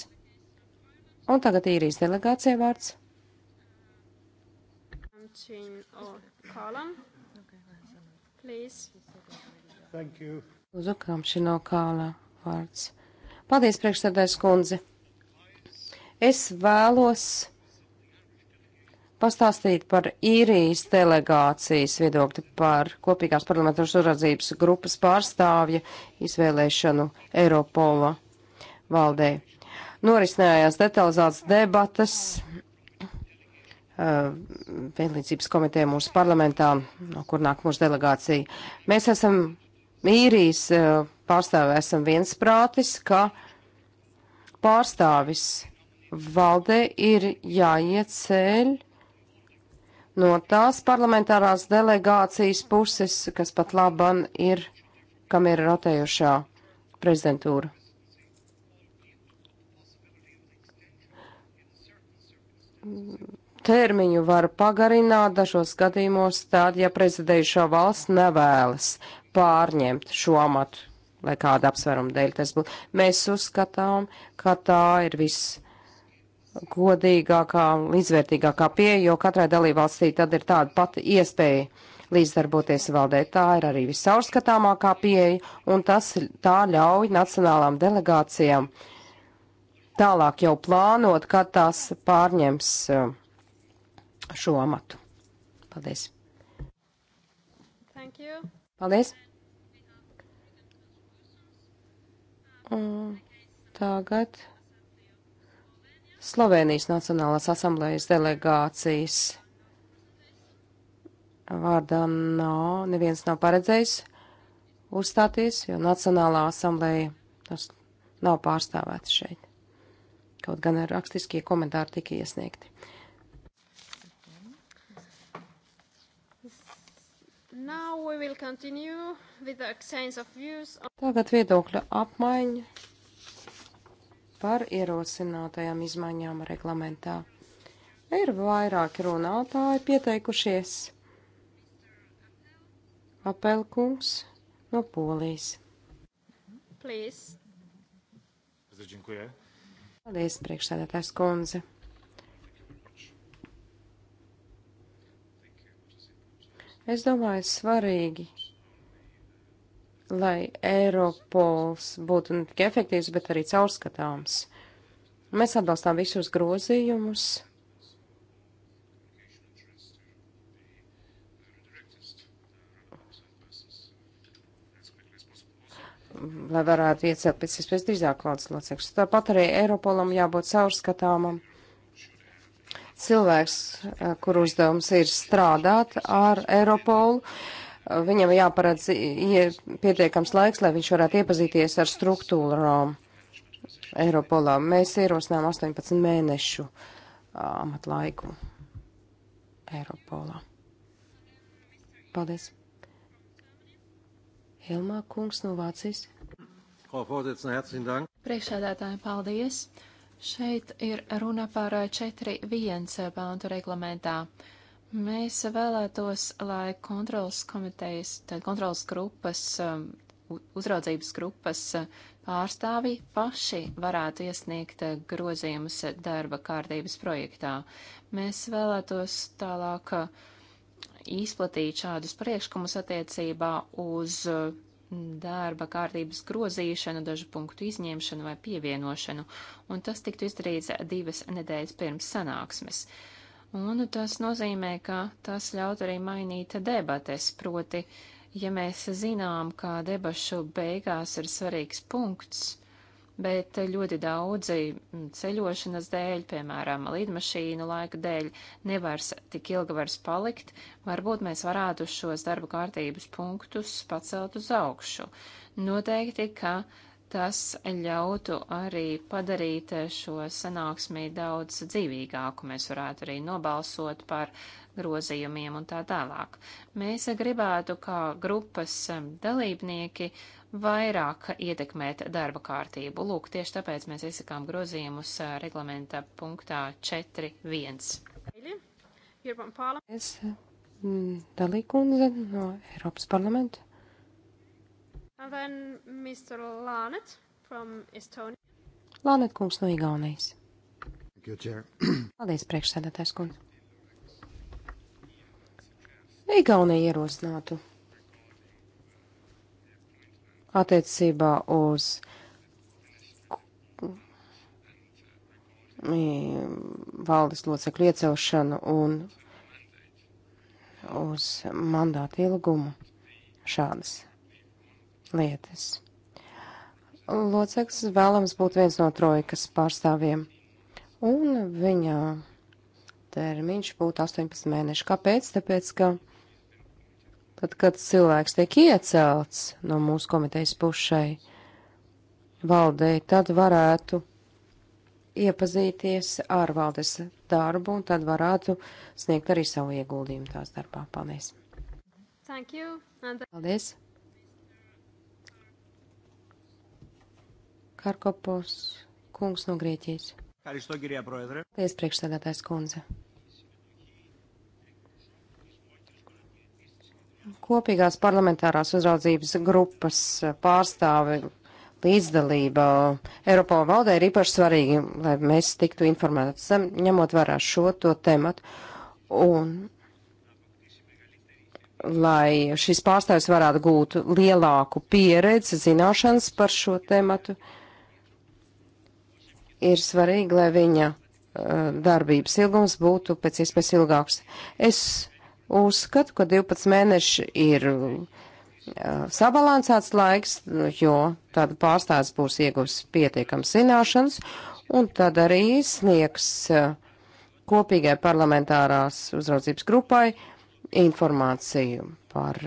B: Un tagad īrijas delegācija vārds.
C: Lūdzu,
B: Kamšino Kāla vārds. Paldies, priekšsēdājs kundze. Es vēlos pastāstīt par īrijas delegācijas viedokli par kopīgās parlamentāras uzraudzības grupas pārstāvja izvēlēšanu Eiropola valdē. Norisinājās detalizētas debatas uh, vienlīdzības komiteja mūsu parlamentā, no kur nāk mūsu delegācija. Mēs esam īrijas uh, pārstāvi, esam viensprātis, ka pārstāvis valdē ir jāieceļ no tās parlamentārās delegācijas puses, kas pat laban ir, kam ir rotējošā prezidentūra. Termiņu var pagarināt dažos gadījumos tād, ja prezidējušā valsts nevēlas pārņemt šo amatu, lai kāda apsveruma dēļ tas būtu. Mēs uzskatām, ka tā ir viss godīgākā, līdzvērtīgākā pieeja, jo katrai dalībvalstī tad ir tāda pati iespēja līdzdarboties valdē. Tā ir arī visaurskatāmākā pieeja, un tas tā ļauj nacionālām delegācijām tālāk jau plānot, kad tās pārņems uh, šo amatu. Paldies! Paldies! Un tagad. Slovenijas Nacionālās asamblējas delegācijas vārdā nav, neviens nav paredzējis uzstāties, jo Nacionālā asamblēja tas nav pārstāvēta šeit. Kaut gan rakstiskie komentāri tika iesniegti. Tagad viedokļa apmaiņa par ierosinātajām izmaiņām reglamentā. Ir vairāki runātāji pieteikušies. Apelkungs no Polijas.
C: Please.
A: Paldies,
B: priekšsēdētājs kundze. Es domāju, svarīgi lai Eiropols būtu ne tikai efektīvs, bet arī caurskatāms. Mēs atbalstām visus grozījumus. lai varētu iecelt pēc iespējas drīzāk valdes locekļus. Tāpat arī Eiropolam jābūt caurskatāmam. Cilvēks, eh, kur uzdevums ir strādāt ar Eiropolu, uh, viņam jāparedz pietiekams laiks, lai viņš varētu iepazīties ar struktūrām Eiropolā. Mēs ierosinām 18 mēnešu amatlaiku Eiropolā. Paldies.
A: Helmā kungs no Vācijas. Priekšsēdētāji, paldies. Šeit ir runa par 4.1 pāntu reglamentā. Uh, Mēs vēlētos, lai kontrolas komitejas, tad kontrolas grupas, um, uzraudzības grupas uh, pārstāvi paši varētu iesniegt uh, grozījumus darba kārtības projektā. Mēs vēlētos tālāk uh, izplatīt šādus priekšlikumus attiecībā uz darba kārtības grozīšanu, dažu punktu izņemšanu vai pievienošanu, un tas tiktu izdarīts divas nedēļas pirms sanāksmes. Uh, Un tas nozīmē, ka tas ļaut arī mainīt debates, proti, ja mēs zinām, ka debašu beigās ir svarīgs punkts, bet ļoti daudzi mm, ceļošanas dēļ, piemēram, lidmašīnu laika dēļ, nevar tik ilgi vairs palikt, varbūt mēs varētu šos darba kārtības punktus pacelt uz augšu. Noteikti, ka Tas ļautu arī padarīt šo sanāksmī daudz dzīvīgāku. Mēs varētu arī nobalsot par grozījumiem un tā tālāk. Mēs gribētu, kā grupas dalībnieki, vairāk ietekmēt darba kārtību. Lūk, tieši tāpēc mēs izsakām grozījumus reglamenta punktā 4.1.
C: Es
B: mm, Dalīkundze no Eiropas parlamenta.
C: And then Mr. Lānet from Estonia.
B: Lānet kungs no Igaunijas. Paldies, priekšsēdētājs kungs. Igaunija ierosinātu attiecībā uz valdes locekļu iecelšanu un uz mandātu ilgumu šādas lietas. Loceklis vēlams būt viens no trojkas pārstāvjiem, un viņa termiņš būtu 18 mēneši. Kāpēc? Tāpēc, ka tad, kad cilvēks tiek iecelts no mūsu komitejas pušai valdei, tad varētu iepazīties ar valdes darbu un tad varētu sniegt arī savu ieguldījumu tās darbā. Paldies!
C: Thank you. And...
B: Paldies! Karkopos kungs no Grieķijas.
C: Paldies,
B: priekšsēdētājs kundze. Kopīgās parlamentārās uzraudzības grupas pārstāvi līdzdalība Eiropā valdē ir īpaši svarīgi, lai mēs tiktu informētas, ņemot vērā šo to tematu. Un lai šis pārstāvis varētu gūt lielāku pieredzi, zināšanas par šo tematu. Uh, ir svarīgi, lai viņa eh, darbības ilgums būtu pēc iespējas ilgāks. Es uzskatu, ka 12 mēneši ir eh, sabalansēts laiks, jo tad pārstāsts būs ieguvis pietiekams zināšanas, un tad arī sniegs eh, kopīgai parlamentārās uzraudzības grupai informāciju par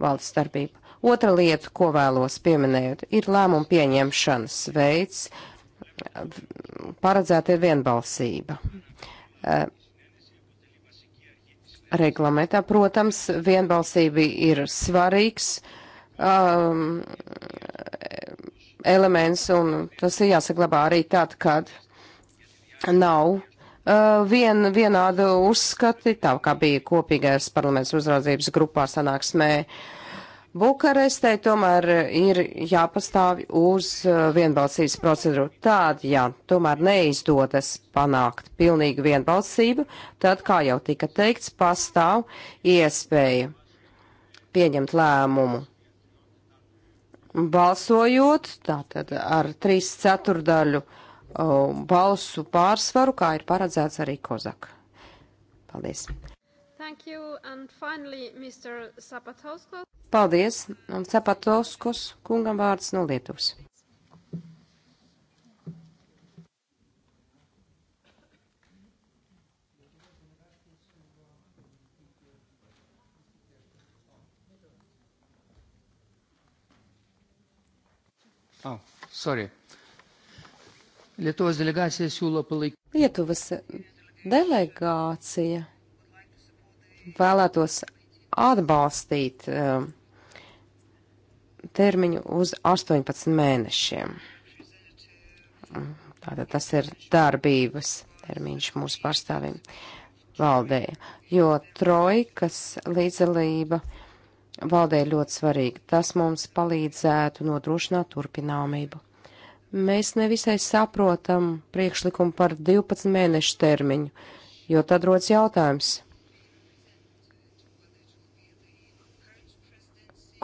B: valsts darbību. Otra lieta, ko vēlos pieminēt, ir lēmumu pieņemšanas veids, uh, paredzēta ir vienbalsība. Reglamentā, protams, vienbalsība ir svarīgs um, elements, un tas ir jāsaglabā arī tad, kad nav uh, vien, vienādu uzskati, tā kā bija kopīgais parlaments uzraudzības grupā sanāksmē Bukarestē tomēr ir jāpastāv uz uh, vienbalsības procedūru. Tād, ja tomēr neizdodas panākt pilnīgu vienbalsību, tad, kā jau tika teikts, pastāv iespēja pieņemt lēmumu. Balsojot, tātad ar trīs ceturdaļu uh, balsu pārsvaru, kā ir paredzēts arī Kozak. Paldies.
C: Thank you. And finally, Mr. Sapatauskos.
B: Paldies. Un Sapatauskos kungam vārds no Lietuvas.
A: Oh, sorry.
B: Lietuvas delegācija siūlo palaikyti. Lietuvas delegācija vēlētos atbalstīt um, termiņu uz 18 mēnešiem. Mm, tātad tas ir darbības termiņš mūsu pārstāvim valdē, jo trojkas līdzdalība valdē ļoti svarīga. Tas mums palīdzētu nodrošināt turpināmību. Mēs nevisai saprotam priekšlikumu par 12 mēnešu termiņu, jo tad rodas jautājums,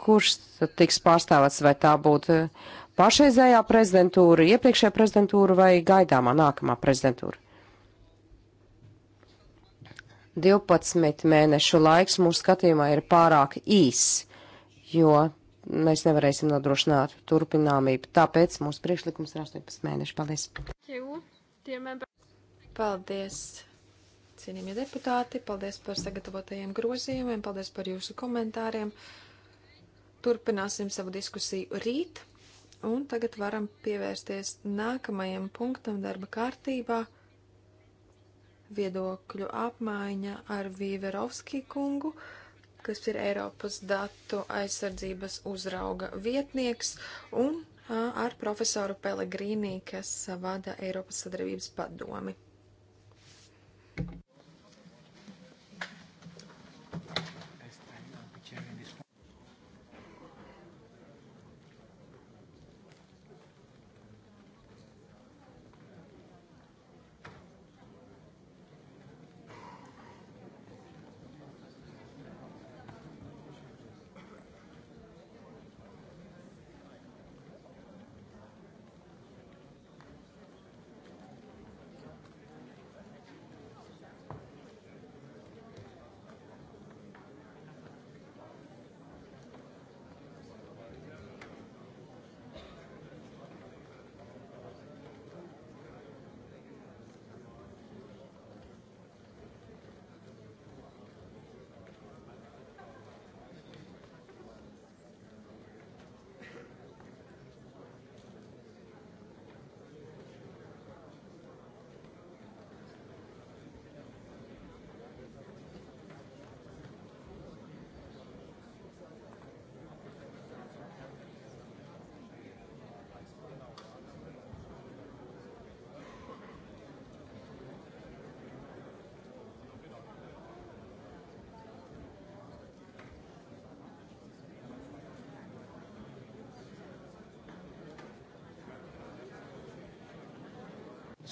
B: kurš tiks pārstāvēts, vai tā būtu pašreizējā prezidentūra, iepriekšējā prezidentūra vai gaidāmā nākamā prezidentūra. 12 mēnešu laiks mūsu skatījumā ir pārāk īs, jo mēs nevarēsim nodrošināt turpināmību. Tāpēc mūsu priekšlikums ir 18 mēneši.
C: Paldies! Paldies!
D: Cienījamie deputāti, paldies par sagatavotajiem grozījumiem, paldies par jūsu komentāriem. Turpināsim savu diskusiju rīt, un tagad varam pievērsties nākamajam punktam darba kārtībā - viedokļu apmaiņa ar Vīverovski kungu, kas ir Eiropas datu aizsardzības uzrauga vietnieks, un ar profesoru Pelegrīnī, kas vada Eiropas sadarbības padomi.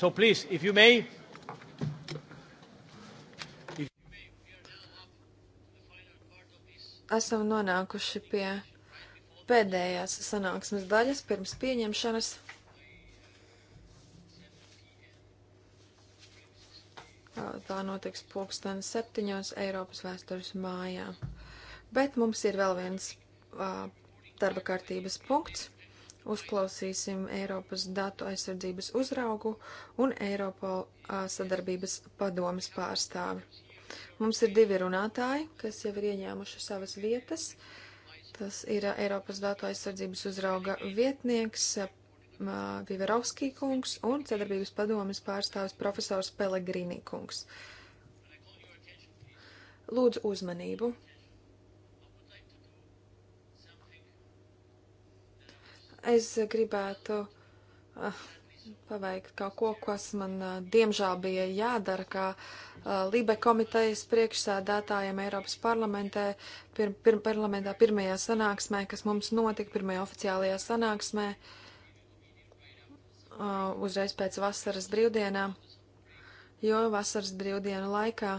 B: So please, if you may. If...
D: Esam nonākuši pie pēdējās sanāksmes daļas pirms pieņemšanas. Tā notiks pulksteni septiņos Eiropas vēstures mājā. Bet mums ir vēl viens uh, darba kārtības punkts. Uzklausīsim Eiropas datu aizsardzības uzraugu un Eiropol sadarbības padomas pārstāvi. Mums ir divi runātāji, kas jau ir ieņēmuši savas vietas. Tas ir Eiropas datu aizsardzības uzrauga vietnieks Viverovskī kungs un sadarbības padomas pārstāvis profesors Pelegrini kungs. Lūdzu uzmanību. Es gribētu uh, paveikt kaut ko, kas man uh, diemžēl bija jādara, kā uh, Libe komitejas priekšsēdētājiem Eiropas parlamentē, pir, pir, parlamentā pirmajā sanāksmē, kas mums notika pirmajā oficiālajā sanāksmē, uh, uzreiz pēc vasaras brīvdienām, jo vasaras brīvdienu laikā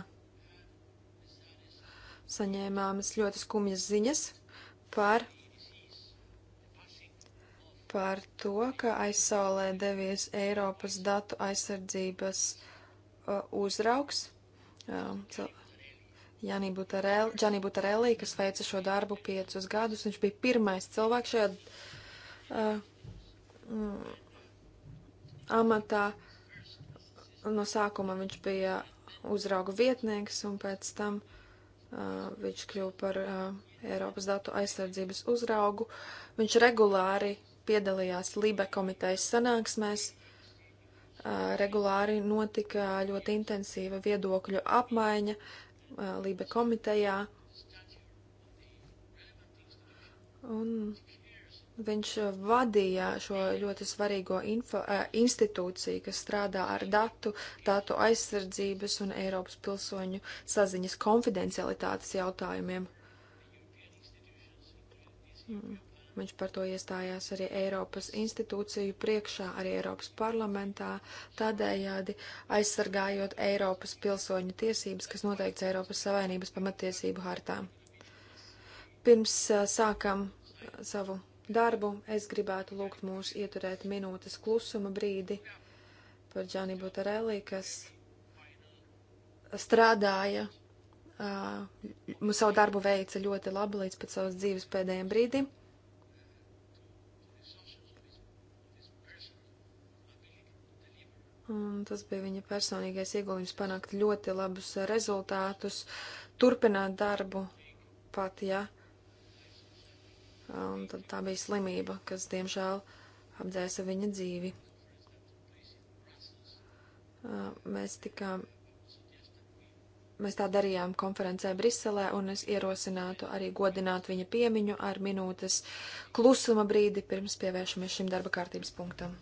D: saņēmām ļoti skumjas ziņas par par to, ka aizsaulē devies Eiropas datu aizsardzības uh, uzraugs uh, um, Jānis Butarelli, kas veica šo darbu piecus gadus. Viņš bija pirmais cilvēks šajā uh, mm, amatā. No sākuma viņš bija uzrauga vietnieks, un pēc tam uh, viņš kļuva par uh, Eiropas datu aizsardzības uzraugu. Viņš regulāri piedalījās Libe komitejas sanāksmēs. Regulāri notika ļoti intensīva viedokļu apmaiņa Libe komitejā. Un viņš vadīja šo ļoti svarīgo info, institūciju, kas strādā ar datu, datu aizsardzības un Eiropas pilsoņu saziņas konfidencialitātes jautājumiem. Mm. Viņš par to iestājās arī Eiropas institūciju priekšā, arī Eiropas parlamentā, tādējādi aizsargājot Eiropas pilsoņu tiesības, kas noteikts Eiropas Savienības pamatiesību hartā. Pirms sākam savu darbu, es gribētu lūgt mūs ieturēt minūtes klusuma brīdi par Džani Butarelli, kas strādāja uh, savu darbu veica ļoti labi līdz pat savas dzīves pēdējiem brīdim. Un tas bija viņa personīgais ieguldījums panākt ļoti labus rezultātus, turpināt darbu pat, ja. Un tad tā bija slimība, kas, diemžēl, apdzēsa viņa dzīvi. Mēs tikām, mēs tā darījām konferencē Briselē, un es ierosinātu arī godināt viņa piemiņu ar minūtes klusuma brīdi pirms pievēršamies šim darba kārtības punktam.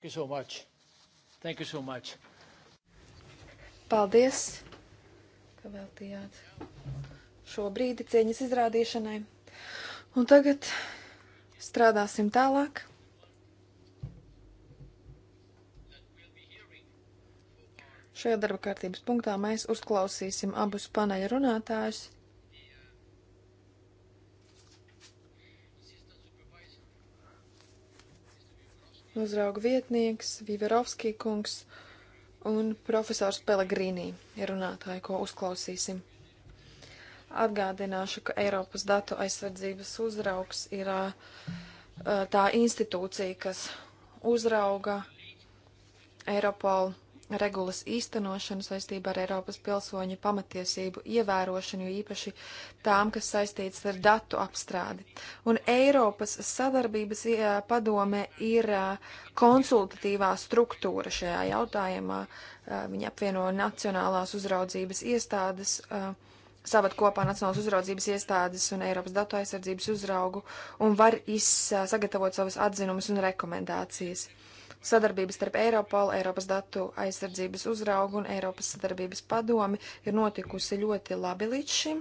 C: Thank you so much. Thank you so much.
D: Paldies, ka veltījāt šo brīdi cieņas izrādīšanai. Un tagad strādāsim tālāk. Šajā darba kārtības punktā mēs uzklausīsim abus paneļa runātājus. uzrauga vietnieks Viverovskī kungs un profesors Pelegrīnī ir runātāji, ko uzklausīsim. Atgādināšu, ka Eiropas datu aizsardzības uzraugs ir uh, tā institūcija, kas uzrauga Eiropolu regulas īstenošanu saistībā ar Eiropas pilsoņu pamatiesību ievērošanu, jo īpaši tām, kas saistīts ar datu apstrādi. Un Eiropas sadarbības padome ir konsultatīvā struktūra šajā jautājumā. Viņa apvieno nacionālās uzraudzības iestādes. Savat kopā Nacionālas uzraudzības iestādes un Eiropas datu aizsardzības uzraugu un var izsagatavot savas atzinumus un rekomendācijas. Uh, Sadarbības starp Eiropolu, Eiropas datu aizsardzības uzraugu un Eiropas sadarbības padomi ir notikusi ļoti labi līdz šim.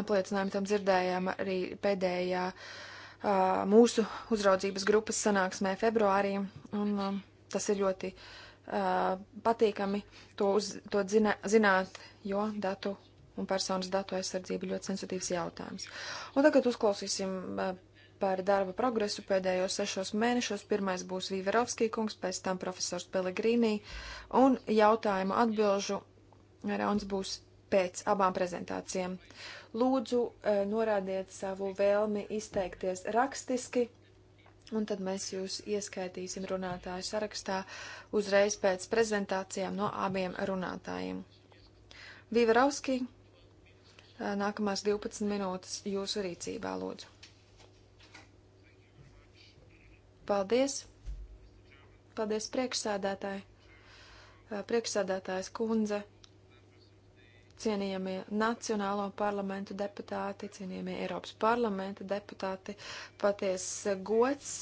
D: Apliecinājumu tam dzirdējām arī pēdējā uh, mūsu uzraudzības grupas sanāksmē februārī, un um, tas ir ļoti uh, patīkami to, uz, to zina, zināt, jo datu un personas datu aizsardzība ļoti sensitīvs jautājums. Un tagad uzklausīsim uh, par darba progresu pēdējos sešos mēnešos. Pirmais būs Vīverovskī kungs, pēc tam profesors Pelegrīnī, un jautājumu atbilžu rauns būs pēc abām prezentācijām. Lūdzu, eh, norādiet savu vēlmi izteikties rakstiski, un tad mēs jūs ieskaitīsim runātāju sarakstā uzreiz pēc prezentācijām no abiem runātājiem. Vīverovskī, eh, nākamās 12 minūtes jūsu rīcībā, lūdzu. Paldies! Paldies priekšsādātāji! Priekšsādātājs kundze, cienījamie Nacionālo parlamentu deputāti, cienījamie Eiropas parlamenta deputāti, paties gods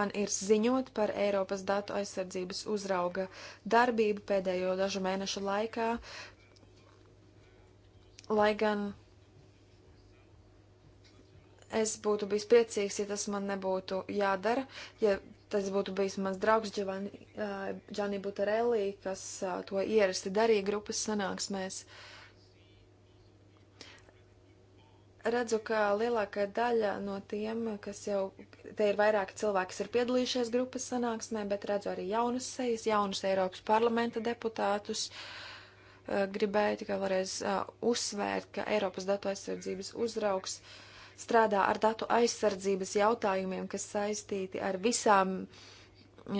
D: man ir ziņot par Eiropas datu aizsardzības uzrauga darbību pēdējo dažu mēnešu laikā, lai gan Es būtu bijis priecīgs, ja tas man nebūtu jādara, ja tas būtu bijis mans draugs Giovanni, uh, Gianni Butarelli, kas uh, to ierasti darīja grupas sanāksmēs. Redzu, ka lielākā daļa no tiem, kas jau, te ir vairāki cilvēki, kas ir piedalījušies grupas sanāksmē, bet redzu arī jaunas sejas, jaunas Eiropas parlamenta deputātus. Uh, gribēju tikai vēlreiz uh, uzsvērt, ka Eiropas datu aizsardzības uzraugs uh, strādā ar datu aizsardzības jautājumiem, kas saistīti ar visām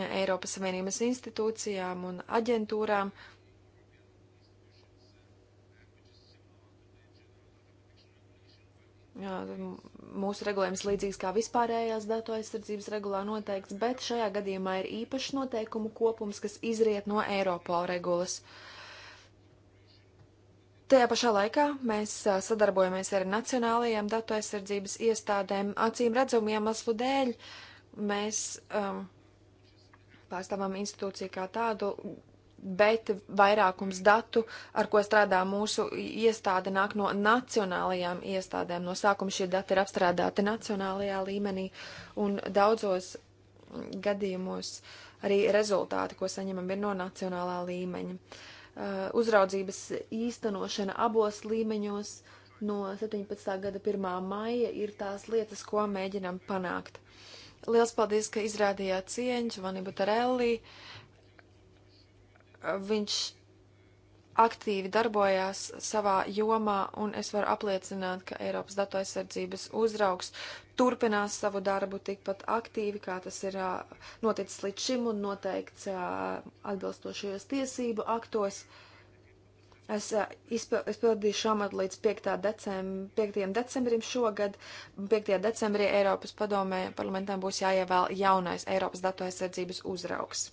D: Eiropas Savienības institūcijām un aģentūrām. Jā, mūsu regulējums līdzīgs kā vispārējās datu aizsardzības regulā noteikts, bet šajā gadījumā ir īpašs noteikumu kopums, kas izriet no Eiropola regulas. Uh, Tajā pašā laikā mēs sadarbojamies ar nacionālajām datu aizsardzības iestādēm. Acīm redzamu iemeslu dēļ mēs um, pārstāvam institūciju kā tādu, bet vairākums datu, ar ko strādā mūsu iestāde, nāk no nacionālajām iestādēm. No sākuma šie dati ir apstrādāti nacionālajā līmenī un daudzos gadījumos arī rezultāti, ko saņemam, ir no nacionālā līmeņa. Uh, Uh, uzraudzības īstenošana abos līmeņos no 17. gada 1. maija ir tās lietas, ko mēģinam panākt. Liels paldies, ka izrādījāt cieņu Vanību Tarelli. Viņš aktīvi darbojās savā jomā, un es varu apliecināt, ka Eiropas datu aizsardzības uzraugs turpinās savu darbu tikpat aktīvi, kā tas ir noticis līdz šim un noteikts atbilstošajos tiesību aktos. Es izpildīšu amatu līdz 5. Decembr, 5. decembrim šogad. 5. decembrī Eiropas padomē parlamentam būs jāievēl jaunais Eiropas datu aizsardzības uzraugs.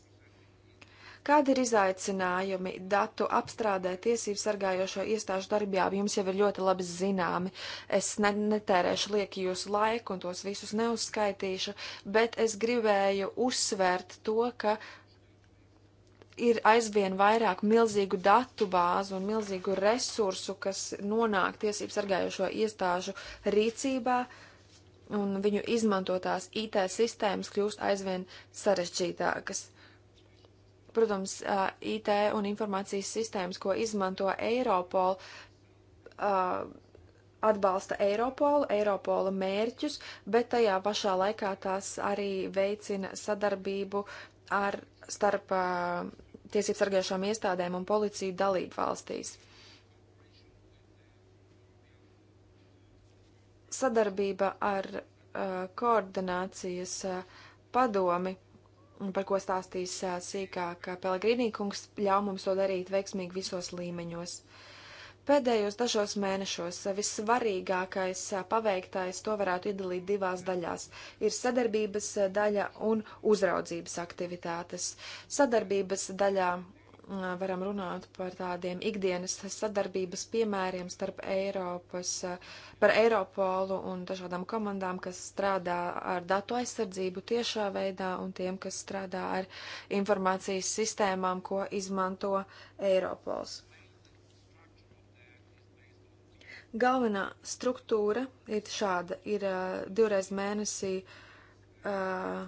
D: Kādi ir izaicinājumi datu apstrādē tiesību sargājošo iestāžu darbjā? Jums jau ir ļoti labi zināmi. Es ne, netērēšu lieki jūsu laiku un tos visus neuzskaitīšu, bet es gribēju uzsvērt to, ka ir aizvien vairāk milzīgu datu bāzu un milzīgu resursu, kas nonāk tiesību sargājošo iestāžu rīcībā, un viņu izmantotās IT sistēmas kļūst aizvien sarežģītākas. Protams, IT un informācijas sistēmas, ko izmanto Eiropola, atbalsta Eiropolu, Eiropola mērķus, bet tajā pašā laikā tās arī veicina sadarbību ar starp tiesību sargājušām iestādēm un policiju dalību valstīs. Sadarbība ar uh, koordinācijas uh, padomi uh, par ko stāstīs sīkāk Pelgrīnīkungs, ļauj mums to darīt veiksmīgi visos līmeņos. Pēdējos dažos mēnešos vissvarīgākais paveiktais to varētu iedalīt divās daļās - ir sadarbības daļa un uzraudzības aktivitātes. Sadarbības daļā varam runāt par tādiem ikdienas sadarbības piemēriem starp Eiropas, par Eiropolu un dažādām komandām, kas strādā ar datu aizsardzību tiešā veidā un tiem, kas strādā ar informācijas sistēmām, ko izmanto Eiropols. Galvenā struktūra ir šāda, ir uh, divreiz mēnesī uh,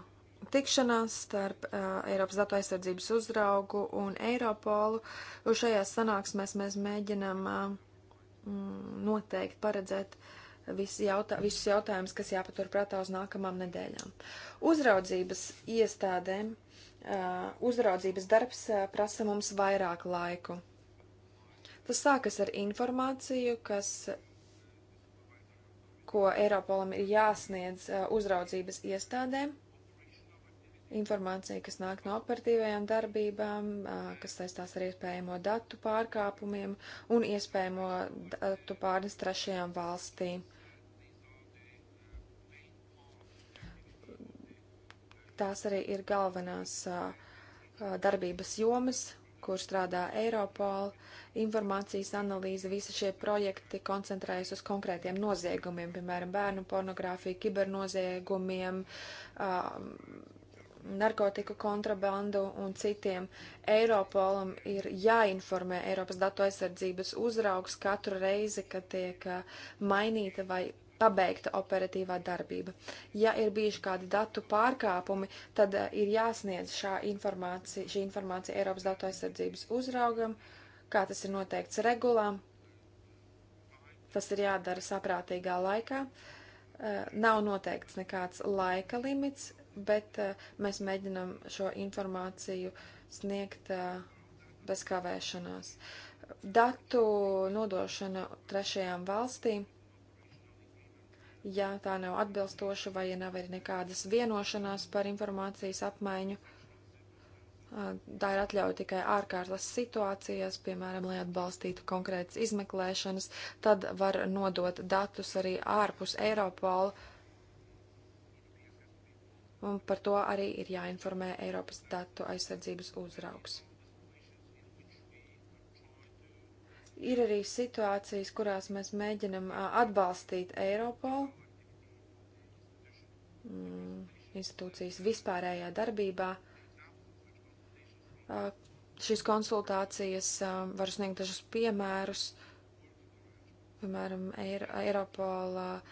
D: tikšanās starp uh, Eiropas datu aizsardzības uzraugu un Eiropolu. Šajās sanāksmēs mēs mēģinam uh, mm, noteikti paredzēt visi jautā, visus jautājumus, kas jāpaturprātā uz nākamām nedēļām. Uzraudzības iestādēm uh, uzraudzības darbs uh, prasa mums vairāk laiku. Tas sākas ar informāciju, kas ko Eiropolam ir jāsniedz uh, uzraudzības iestādēm informācija, kas nāk no operatīvajām darbībām, kas saistās ar iespējamo datu pārkāpumiem un iespējamo datu pārnes trešajām valstīm. Tās arī ir galvenās darbības jomas, kur strādā Eiropola, informācijas analīze, visi šie projekti koncentrējas uz konkrētiem noziegumiem, piemēram, bērnu pornogrāfiju, kibernoziegumiem, uh, narkotiku kontrabandu un citiem. Eiropolam ir jāinformē Eiropas datu aizsardzības uzraugs katru reizi, kad tiek eh, mainīta vai pabeigta operatīvā darbība. Ja ir bijuši kādi datu pārkāpumi, tad uh, ir jāsniedz šā informācija, šī informācija Eiropas datu aizsardzības uzraugam, kā tas ir noteikts regulā. Tas ir jādara saprātīgā laikā. Uh, nav noteikts nekāds laika limits bet uh, mēs mēģinam šo informāciju sniegt uh, bez kavēšanās. Datu nodošana trešajām valstīm, ja tā nav atbilstoša vai ja nav arī nekādas vienošanās par informācijas apmaiņu, uh, tā ir atļauja tikai ārkārtas situācijās, piemēram, lai atbalstītu konkrētas izmeklēšanas, tad var nodot datus arī ārpus Eiropola un par to arī ir jāinformē Eiropas datu aizsardzības uzraugs. Ir arī situācijas, kurās mēs mēģinam atbalstīt Eiropolu mm, institūcijas vispārējā darbībā. Šīs konsultācijas var sniegt dažus piemērus, piemēram, Eiropola. Eiro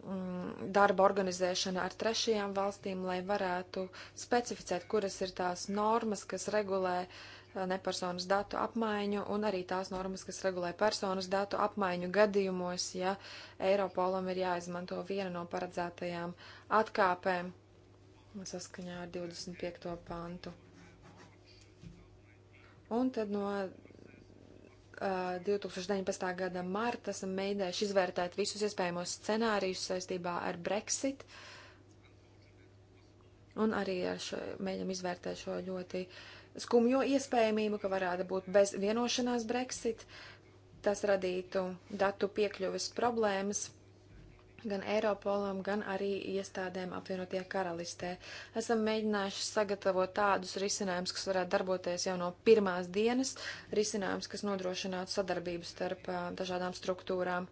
D: Mm, darba organizēšana ar trešajām valstīm, lai varētu specificēt, kuras ir tās normas, kas regulē eh, nepersonas datu apmaiņu un arī tās normas, kas regulē personas datu apmaiņu gadījumos, ja Eiropolam ir jāizmanto viena no paredzētajām atkāpēm saskaņā ar 25. pantu. Un tad no 2019. Uh, gada martā esam mēģinājuši izvērtēt visus iespējamos scenārijus saistībā ar Brexit. Un arī ar šo mēģinam izvērtēt šo ļoti skumjo iespējamību, ka varētu būt bez vienošanās Brexit. Tas radītu datu piekļuves problēmas gan Eiropolam, gan arī iestādēm apvienotie karalistē. Esam mēģinājuši sagatavot tādus risinājumus, kas varētu darboties jau no pirmās dienas, risinājums, kas nodrošinātu sadarbību starp uh, dažādām struktūrām.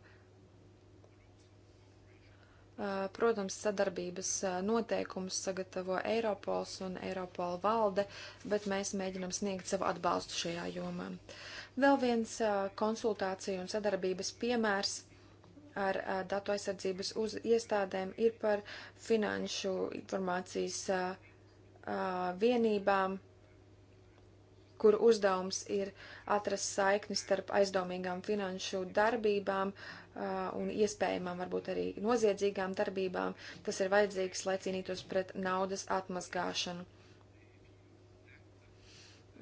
D: Uh, protams, sadarbības uh, noteikumus sagatavo Eiropols un Eiropola valde, bet mēs mēģinam sniegt savu atbalstu šajā jomā. Vēl viens konsultāciju un sadarbības piemērs ar a, datu aizsardzības uz iestādēm ir par finanšu informācijas a, a, vienībām, kur uzdevums ir atrast saikni starp aizdomīgām finanšu darbībām un iespējamām varbūt arī noziedzīgām darbībām. Tas ir vajadzīgs, lai cīnītos pret naudas atmazgāšanu.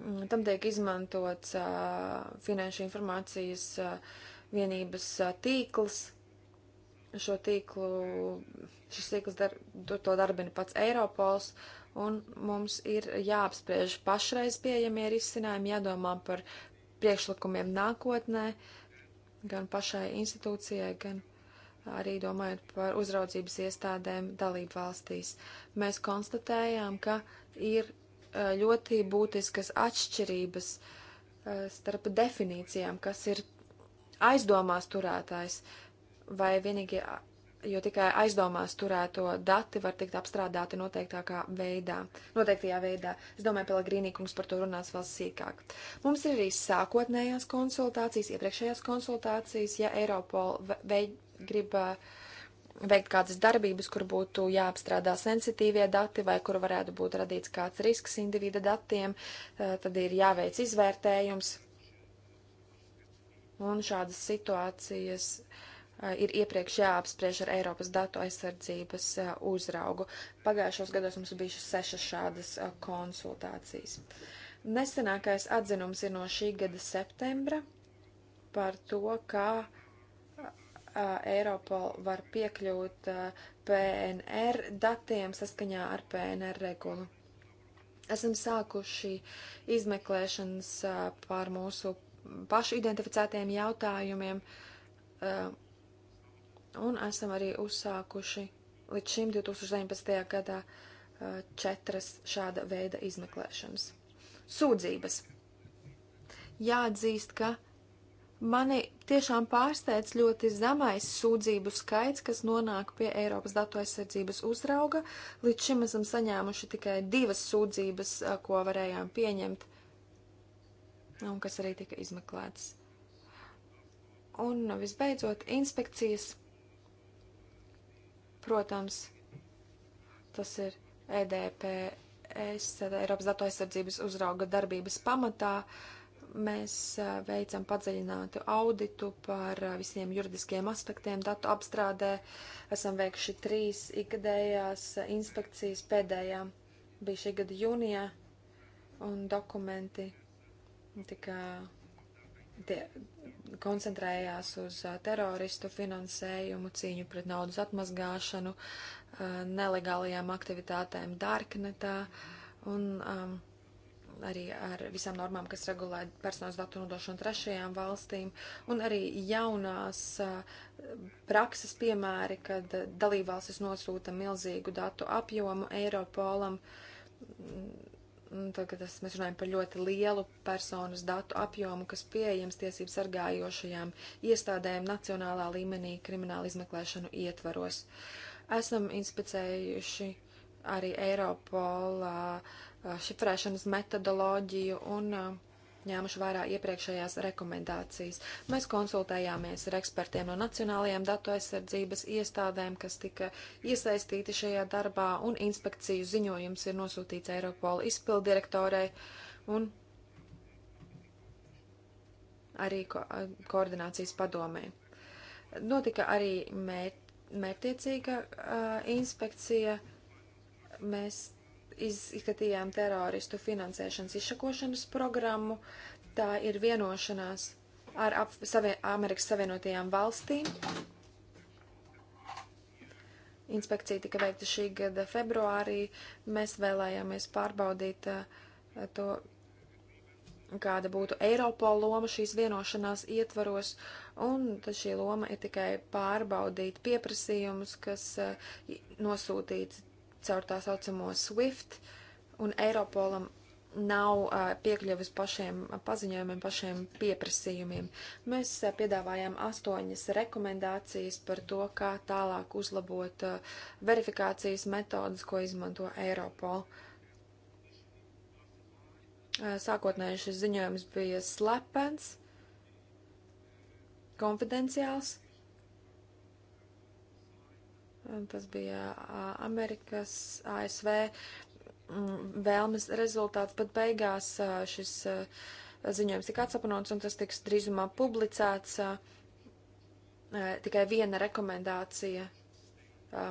D: Mm, tam tiek izmantots finanšu informācijas vienības tīkls, šo tīklu, šis tīkls dar, to darbina pats Eiropols, un mums ir jāapspriež pašreiz pieejamie risinājumi, jādomā par priekšlikumiem nākotnē, gan pašai institūcijai, gan arī domājot par uzraudzības iestādēm dalību valstīs. Mēs konstatējām, ka ir e, ļoti būtiskas atšķirības e, starp definīcijām, kas ir aizdomās turētājs. Uh, vai vienīgi, jo tikai aizdomās turēto dati var tikt apstrādāti noteiktākā veidā, noteiktajā veidā. Es domāju, Pelagrīnīkums par to runās vēl sīkāk. Mums ir arī sākotnējās konsultācijas, iepriekšējās konsultācijas, ja Eiropol veid, grib uh, veikt kādas darbības, kur būtu jāapstrādā sensitīvie dati vai kur varētu būt radīts kāds risks individa datiem, uh, tad ir jāveic izvērtējums. Un šādas situācijas Eh, ir iepriekš jāapspriež ar Eiropas datu aizsardzības eh, uzraugu. Pagājušos gados mums bija sešas šādas eh, konsultācijas. Nesenākais atzinums ir no šī gada septembra par to, kā Eiropol var piekļūt PNR datiem saskaņā ar PNR regulu. Esam sākuši izmeklēšanas pār mūsu pašu identificētajiem jautājumiem. Uh, Un esam arī uzsākuši līdz šim 2019. gadā četras šāda veida izmeklēšanas. Sūdzības. Jāatzīst, ka mani tiešām pārsteidz ļoti zemais sūdzību skaits, kas nonāk pie Eiropas datu aizsardzības uzrauga. Līdz šim esam saņēmuši tikai divas sūdzības, ko varējām pieņemt un kas arī tika izmeklētas. Un visbeidzot, inspekcijas Protams, tas ir EDPS, Eiropas datu aizsardzības uzrauga darbības pamatā. Mēs veicam padziļinātu auditu par visiem juridiskiem aspektiem datu apstrādē. Esam veikuši trīs ikgadējās inspekcijas pēdējā bija šī gada jūnijā, un dokumenti tika te, koncentrējās uz teroristu finansējumu, cīņu pret naudas atmazgāšanu, nelegālajām aktivitātēm darknetā un um, arī ar visām normām, kas regulē personas datu nodošanu trešajām valstīm, un arī jaunās prakses piemēri, kad dalībvalstis nosūta milzīgu datu apjomu Eiropolam, Tagad es, mēs runājam par ļoti lielu personas datu apjomu, kas pieejams tiesību sargājošajām iestādēm nacionālā līmenī krimināla izmeklēšanu ietvaros. Esam inspicējuši arī Eiropola uh, šifrēšanas metodoloģiju un uh, ņēmuši vērā iepriekšējās rekomendācijas. Mēs konsultējāmies ar ekspertiem no Nacionālajām datu aizsardzības iestādēm, kas tika iesaistīti šajā darbā, un inspekciju ziņojums ir nosūtīts Eiropola izpildirektorai. Un arī ko, koordinācijas padomē. Notika arī mēr, mērtiecīga uh, inspekcija. Mēs izskatījām teroristu finansēšanas izšakošanas programmu. Tā ir vienošanās ar ap, savie, Amerikas Savienotajām valstīm. Inspekcija tika veikta šī gada februārī. Mēs vēlējāmies pārbaudīt uh, to, kāda būtu Eiropola loma šīs vienošanās ietvaros, un šī loma ir tikai pārbaudīt pieprasījumus, kas uh, nosūtīts caur tā saucamo SWIFT, un Eiropolam nav uh, piekļuvis pašiem paziņojumiem, pašiem pieprasījumiem. Mēs uh, piedāvājām astoņas rekomendācijas par to, kā tālāk uzlabot uh, verifikācijas metodas, ko izmanto Eiropol. Sākotnēji šis ziņojums bija slepens, konfidenciāls Tas bija Amerikas, ASV mm, vēlmes rezultāts, bet beigās šis ziņojums tika atsapanots un tas tiks drīzumā publicēts. Tikai viena rekomendācija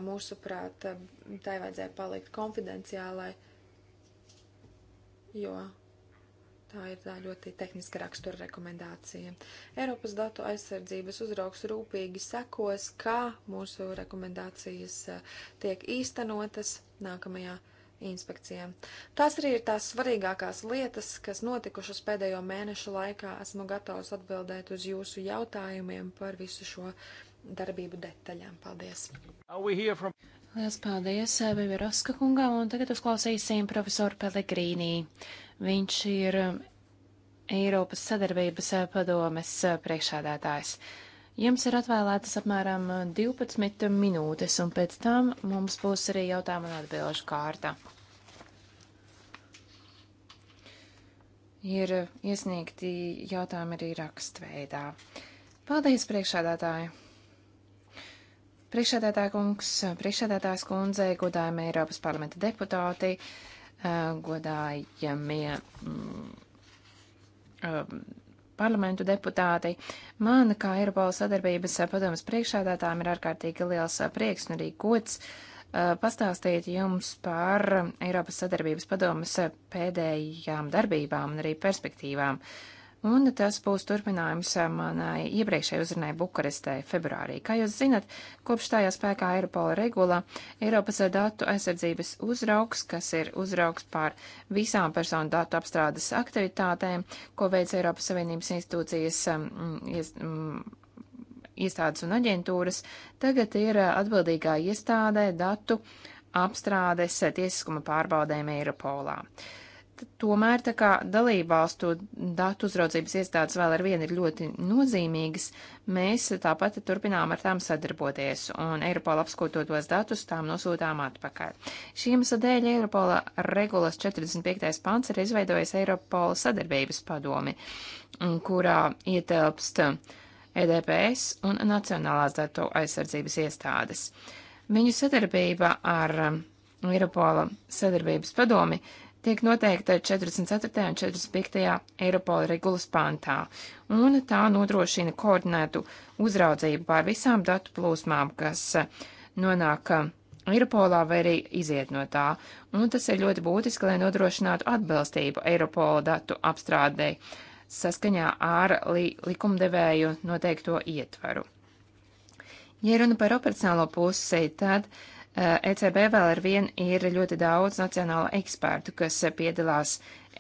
D: mūsuprāt, tai vajadzēja palikt konfidenciālai, jo Tā ir tā ļoti tehniska rakstura rekomendācija. Eiropas datu aizsardzības uzraugs rūpīgi sekos, kā mūsu rekomendācijas eh, tiek īstenotas nākamajā inspekcijā. Tās arī ir tās svarīgākās lietas, kas notikušas pēdējo mēnešu laikā. Esmu gatavs atbildēt uz jūsu jautājumiem par visu šo darbību detaļām. Paldies!
A: From... Lielas paldies eh, Vivi Roska kungam, un tagad uzklausīsim profesoru Pelegrīnī. Viņš ir um, Eiropas sadarbības eh, padomes eh, priekšādātājs. Jums ir atvēlētas apmēram 12 minūtes, un pēc tam mums būs arī jautājumu un atbilžu kārta. Ir iesniegti jautājumi arī rakstveidā. Paldies, priekšādātāji! Priekšsēdētāja kungs, priekšsēdētājs kundze, godājami Eiropas parlamenta deputāti, eh, godājamie um, parlamentu deputāti. Man, kā Eiropas sadarbības padomas priekšsēdētājiem, ir ārkārtīgi liels eh, prieks un arī gods pastāstīt jums par Eiropas sadarbības padomas pēdējām darbībām un arī perspektīvām. Uh, Un tas būs turpinājums eh, manai iepriekšējai uzrunai Bukarestē februārī. Kā jūs zinat, kopš stājā spēkā Eiropola regulā Eiropas datu aizsardzības uzraugs, kas ir uzraugs pār visām personu datu apstrādes aktivitātēm, ko veic Eiropas Savienības institūcijas eh, iestādes un aģentūras, tagad ir eh, atbildīgā iestādē datu apstrādes tiesiskuma pārbaudēm Eiropolā. Uh, tomēr tā kā dalībvalstu datu uzraudzības iestādes vēl ar vienu ir ļoti nozīmīgas, mēs tāpat turpinām ar tām sadarboties un Eiropola apskototos datus tām nosūtām atpakaļ. Šī iemesla dēļ Eiropola regulas 45. pants ir izveidojis Eiropola sadarbības padomi, kurā ietelpst EDPS un Nacionālās datu aizsardzības iestādes. Viņu sadarbība ar Eiropola sadarbības padomi tiek noteikta 44. un 45. Eiropola regulas pantā, un tā nodrošina koordinētu uzraudzību pār visām datu plūsmām, kas nonāk um, Eiropolā vai arī iziet no tā, un tas ir ļoti būtiski, lai nodrošinātu atbilstību Eiropola datu apstrādei saskaņā ar li likumdevēju noteikto ietvaru. Ja runa par operacionālo pusi, tad uh, ECB eh, e vēl ar vien ir ļoti daudz nacionālo ekspertu, kas piedalās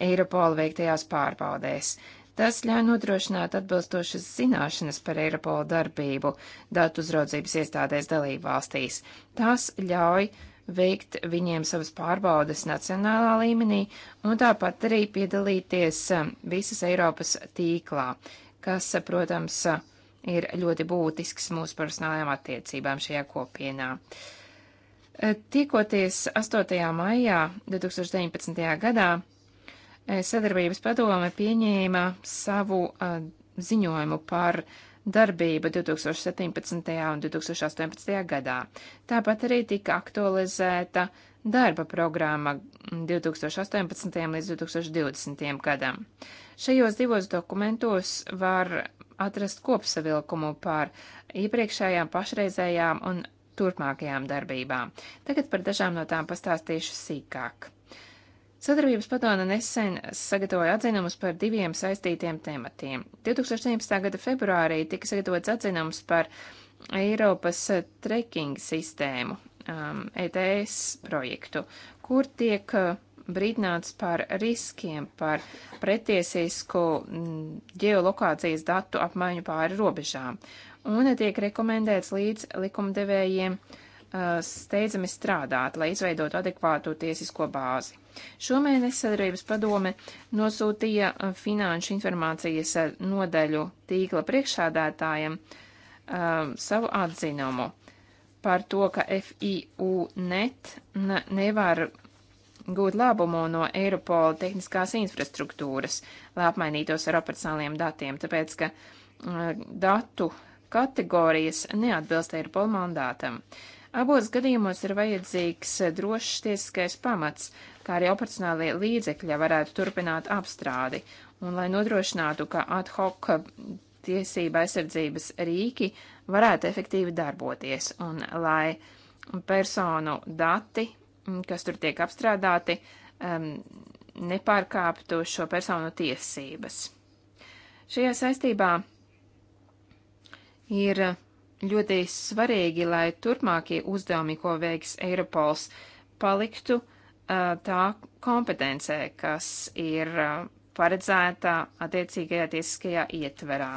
A: Eiropola veiktajās pārbaudēs. Tas ļauj nodrošināt atbilstošas zināšanas par Eiropola darbību datu uzraudzības iestādēs dalībvalstīs. Tas ļauj veikt viņiem savas pārbaudes nacionālā līmenī un tāpat arī piedalīties eh, visas Eiropas tīklā, kas, eh, protams, ir ļoti būtisks mūsu personālajām attiecībām šajā kopienā. Uh, Tikoties 8. maijā 2019. gadā, eh, sadarbības padome pieņēma savu uh, ziņojumu par darbību 2017. un 2018. gadā. Tāpat arī tika aktualizēta darba programma 2018. līdz 2020. gadam. Šajos divos dokumentos var atrast kopsavilkumu par iepriekšējām, pašreizējām un turpmākajām darbībām. Tagad par dažām no tām pastāstīšu sīkāk. Sadarbības padome nesen sagatavoja atzinumus par diviem saistītiem tematiem. 2017. gada februārī tika sagatavots atzinums par Eiropas trekking sistēmu, um, ETS projektu, kur tiek uh, brīdināts par riskiem, par pretiesisku mm, ģeolokācijas datu apmaiņu pāri robežām un tiek rekomendēts līdz likumdevējiem uh, steidzami strādāt, lai izveidotu adekvātu tiesisko bāzi. Šomēnes sadarības padome nosūtīja uh, finanšu informācijas uh, nodaļu tīkla priekšādātājiem um, savu atzinumu par to, ka FIU net nevar gūt labumu no Eiropola tehniskās infrastruktūras, lai apmainītos ar operacionāliem datiem, tāpēc ka um, datu uh, kategorijas neatbilst Eiropola mandātam. Abos gadījumos ir vajadzīgs drošs tiesiskais pamats, kā arī operacionālie līdzekļi, ja varētu turpināt apstrādi, un lai nodrošinātu, ka ad hoc tiesība aizsardzības rīki varētu efektīvi darboties, un lai personu dati, kas tur tiek apstrādāti, um, nepārkāptu šo personu tiesības. Šajā saistībā Ir ļoti svarīgi, lai turpmākie uzdevumi, ko veiks Eiropols, paliktu tā kompetencē, kas ir paredzēta attiecīgajā tiesiskajā ietverā.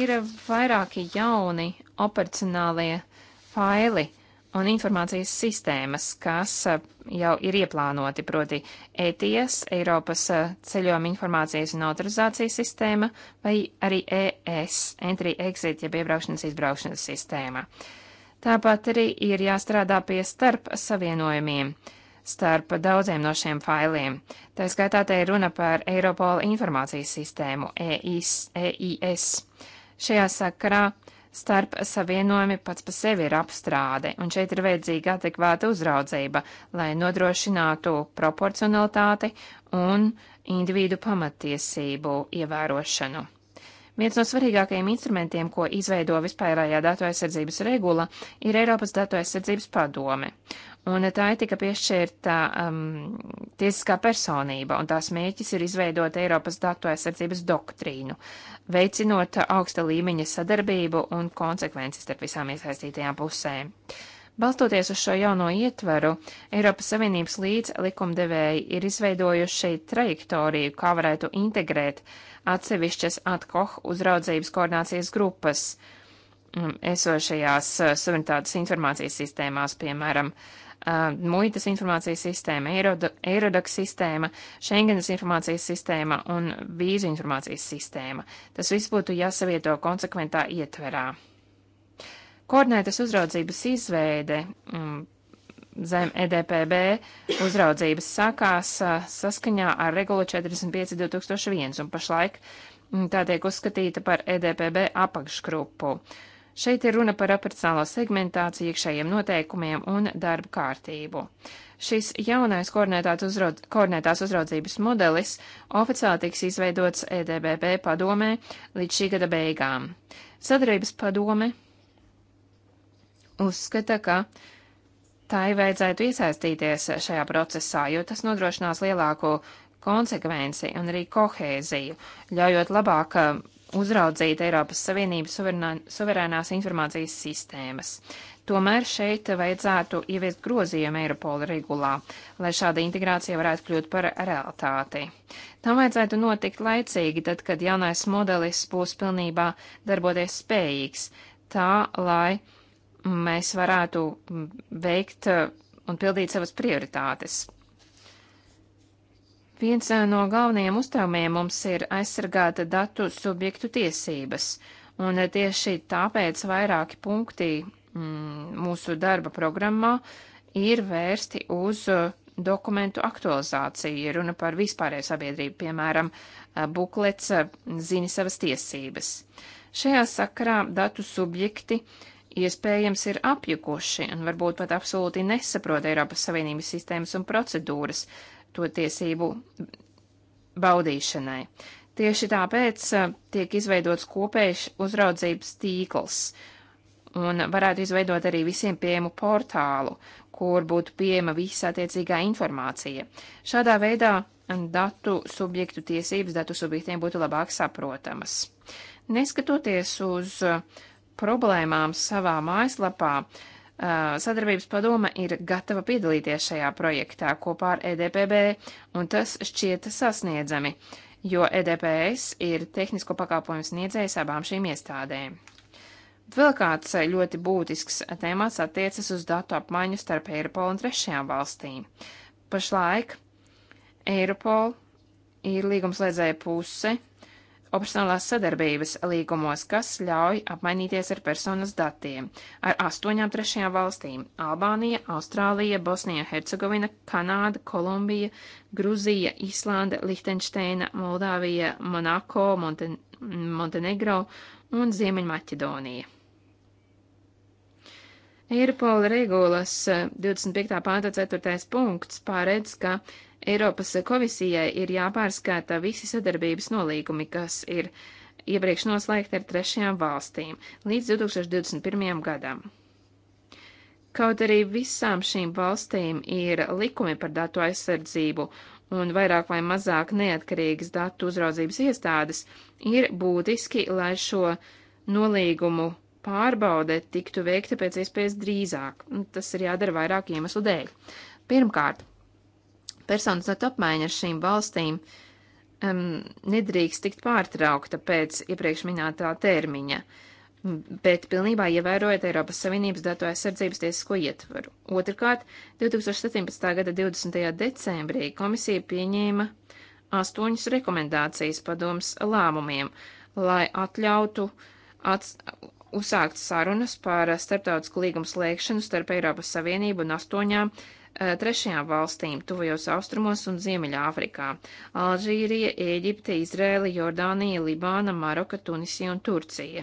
A: Ir vairāki jauni operacionālie faili, un informācijas sistēmas, kas eh, jau ir ieplānoti, proti ETS, Eiropas eh, ceļojuma informācijas un autorizācijas sistēma, vai arī ES, Entry Exit, jeb iebraukšanas izbraukšanas sistēma. Tāpat arī ir jāstrādā pie starp savienojumiem starp daudziem no šiem failiem. Tā skaitā te ir runa par Eiropola informācijas sistēmu EIS. EIS. Šajā sakarā uh, Starp savienojumi pats pa sevi ir apstrāde, un šeit ir vajadzīga adekvāta uzraudzība, lai nodrošinātu proporcionalitāti un individu pamatiesību ievērošanu. Viens no svarīgākajiem instrumentiem, ko izveido vispārējā datu aizsardzības regula, ir Eiropas datu aizsardzības padome, un tā ir tika piešķirta um, tiesiskā personība, un tās mēķis ir izveidot Eiropas datu aizsardzības doktrīnu, veicinot augsta līmeņa sadarbību un konsekvences starp visām iesaistītajām pusēm. Balstoties uz šo jauno ietveru, Eiropas Savienības līdz likumdevēji ir izveidojuši trajektoriju, kā varētu integrēt atsevišķas atkoh uzraudzības koordinācijas grupas um, esošajās uh, suverenitātes informācijas sistēmās, piemēram, uh, uh, muitas informācijas sistēma, Eirodak sistēma, Schengenas informācijas sistēma un vīzu informācijas sistēma. Tas viss būtu jāsavieto konsekventā ietverā. Koordinētas uzraudzības izveide um, zem EDPB uzraudzības sākās uh, saskaņā ar regulu 45.2001 un pašlaik um, tā tiek uzskatīta par EDPB apakšgrupu. Uh, Šeit ir runa par apracālo segmentāciju, iekšējiem noteikumiem un darba kārtību. Šis jaunais uzraud, koordinētās uzraudzības modelis oficiāli tiks izveidots EDBB padomē līdz šī gada beigām. Sadarības padome uzskata, ka tai vajadzētu iesaistīties šajā procesā, jo tas nodrošinās lielāko konsekvenci un arī kohēziju, ļaujot labāk uzraudzīt Eiropas Savienības suverenā, suverēnās informācijas sistēmas. Tomēr šeit vajadzētu ieviest grozījumu Eiropola regulā, lai šāda integrācija varētu kļūt par realitāti. Tam vajadzētu notikt laicīgi, tad, kad jaunais modelis būs pilnībā darboties spējīgs, tā lai mēs varētu mm, veikt un pildīt savas prioritātes. Viens no galvenajiem uzdevumiem mums ir aizsargāt datu subjektu tiesības, un tieši tāpēc vairāki punkti mm, mūsu darba programmā ir vērsti uz dokumentu aktualizāciju, ja runa par vispārēju sabiedrību, piemēram, buklets zini savas tiesības. Šajā sakarā datu subjekti iespējams ir apjukuši un varbūt pat absolūti nesaprot Eiropas Savienības sistēmas un procedūras, to tiesību baudīšanai. Tieši tāpēc uh, tiek izveidots kopējs uzraudzības tīkls un varētu izveidot arī visiem pieejamu portālu, kur būtu pieejama visa attiecīgā informācija. Šādā veidā datu subjektu tiesības datu subjektiem būtu labāk saprotamas. Neskatoties uz uh, problēmām savā mājaslapā, uh, Sadarbības padome ir gatava piedalīties šajā projektā kopā ar EDPB, un tas šķiet sasniedzami, jo EDPS ir tehnisko pakāpojumu sniedzējs abām šīm iestādēm. Vēl kāds ļoti būtisks temats attiecas uz datu apmaiņu starp Eiropolu un trešajām valstīm. Pašlaik Eiropol ir līgumslēdzēja puse opcionālās sadarbības līgumos, kas ļauj apmainīties ar personas datiem ar astoņām trešajām valstīm - Albānija, Austrālija, Bosnija, Hercegovina, Kanāda, Kolumbija, Gruzija, Islanda, Lihtenšteina, Moldāvija, Monako, Monten Montenegro un Ziemeņmaķedonija. Eiropola regulas 25. pānta 4. punkts pārēdz, ka Eiropas komisijai ir jāpārskata visi sadarbības nolīgumi, kas ir iepriekš noslēgti ar trešajām valstīm līdz 2021. gadam. Kaut arī visām šīm valstīm ir likumi par datu aizsardzību un vairāk vai mazāk neatkarīgas datu uzraudzības iestādes, ir būtiski, lai šo nolīgumu pārbaude tiktu veikta pēc iespējas drīzāk. Tas ir jādara vairāk iemeslu dēļ. Pirmkārt, personas datu apmaiņa ar šīm valstīm um, nedrīkst tikt pārtraukta pēc iepriekš minētā termiņa, bet pilnībā ievērojot Eiropas Savienības datu aizsardzības tiesisko ietvaru. Otrkārt, 2017. gada 20. decembrī komisija pieņēma astoņas rekomendācijas padomas lēmumiem, lai atļautu ats uzsākt sarunas par starptautisku līgumu slēgšanu starp Eiropas Savienību un astoņām Eh, trešajām valstīm, tuvajos austrumos un Ziemeļāfrikā - Alžīrija, Ēģipte, Izrēla, Jordānija, Libāna, Maroka, Tunisija un Turcija.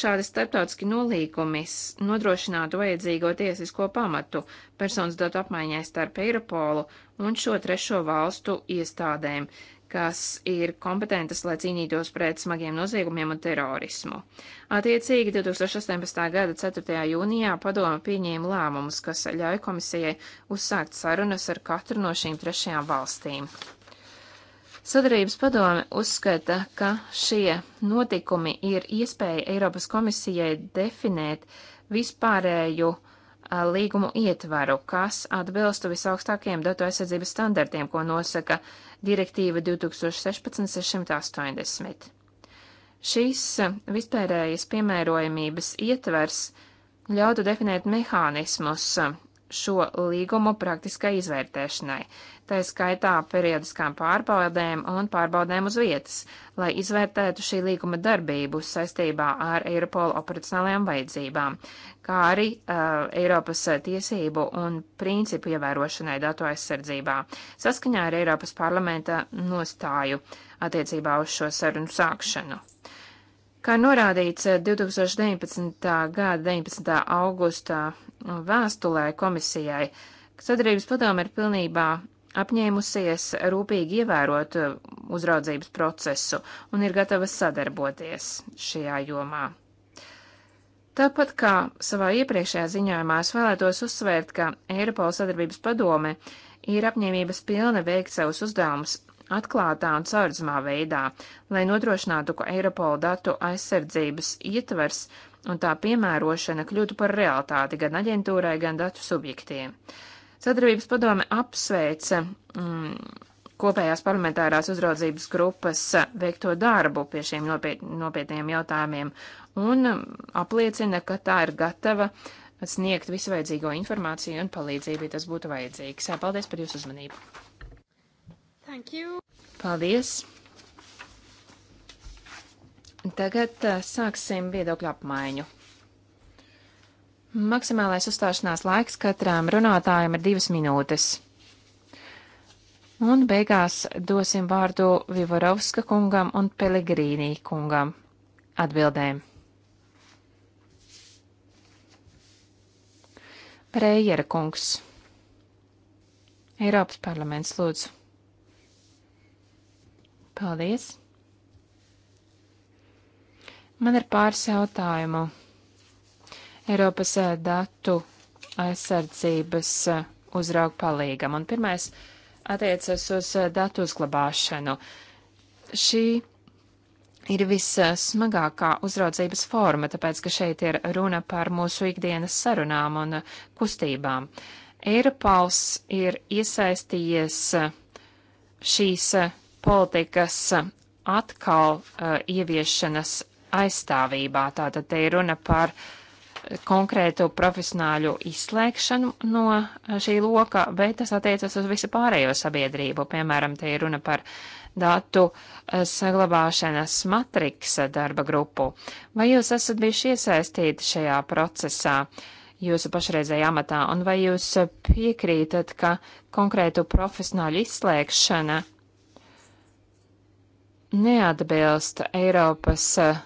A: Šādi starptautiski nolīgumi nodrošinātu vajadzīgo tiesisko pamatu personas datu apmaiņai starp Eiropolu un šo trešo valstu iestādēm, kas ir kompetentas, lai cīnītos pret smagiem noziegumiem un terorismu. Attiecīgi 2018. gada 4. jūnijā padoma pieņēma lēmumus, kas ļauj komisijai uzsākt sarunas ar katru no šīm trešajām valstīm. Sadarības padome uzskata, ka šie notikumi ir iespēja Eiropas komisijai definēt vispārēju uh, līgumu ietvaru, kas atbilstu visaugstākajiem datu aizsardzības standartiem, ko nosaka direktīva 2016-680. Šīs vispārējais piemērojamības ietvers ļautu definēt mehānismus šo līgumu praktiskai izvērtēšanai, tā skaitā periodiskām pārbaudēm un pārbaudēm uz vietas, lai izvērtētu šī līguma darbību saistībā ar Eiropola operacionālajām vajadzībām, kā arī uh, Eiropas tiesību un principu ievērošanai datu aizsardzībā, saskaņā ar Eiropas parlamenta nostāju attiecībā uz šo sarunu sākšanu. Kā norādīts 2019. gada 19. augustā vēstulē komisijai, ka sadarbības padome ir pilnībā apņēmusies rūpīgi ievērot uh, uzraudzības procesu un ir gatava sadarboties šajā jomā. Tāpat kā savā iepriekšējā ziņojumā es vēlētos uzsvērt, ka Eiropas sadarbības padome ir apņēmības pilna veikt savus uzdevumus atklātā un caurdzamā veidā, lai nodrošinātu, ka Eiropola datu aizsardzības ietvers un tā piemērošana kļūtu par realitāti gan aģentūrai, gan datu subjektiem. Sadarbības padome apsveica mm, kopējās parlamentārās uzraudzības grupas veikto darbu pie šiem nopiet, nopietniem jautājumiem un apliecina, ka tā ir gatava sniegt visvajadzīgo informāciju un palīdzību, ja tas būtu vajadzīgs. Paldies par jūsu uzmanību! Thank you! Paldies! Tagad eh, sāksim viedokļu apmaiņu. Maksimālais uzstāšanās laiks katram runātājam ir divas minūtes. Un beigās dosim vārdu Vivorovska kungam un Pelegrīnī kungam atbildēm. Prējera kungs. Eiropas parlaments lūdzu. Paldies! Man ir pāris jautājumu. Eiropas eh, datu aizsardzības eh, uzrauga palīgam. Un pirmais attiecas uz eh, datu uzglabāšanu. Šī ir vissmagākā uzraudzības forma, tāpēc, ka šeit ir runa par mūsu ikdienas sarunām un kustībām. Eiropals ir iesaistījies šīs politikas atkal uh, ieviešanas aizstāvībā. Tātad te ir runa par konkrētu profesionāļu izslēgšanu no šī loka, bet tas attiecas uz visu pārējo sabiedrību. Piemēram, te ir runa par datu eh, saglabāšanas matriksa darba grupu. Vai jūs esat bijuši iesaistīti šajā procesā jūsu pašreizējā amatā, un vai jūs piekrītat, ka konkrētu profesionāļu izslēgšana neatbilst Eiropas uh,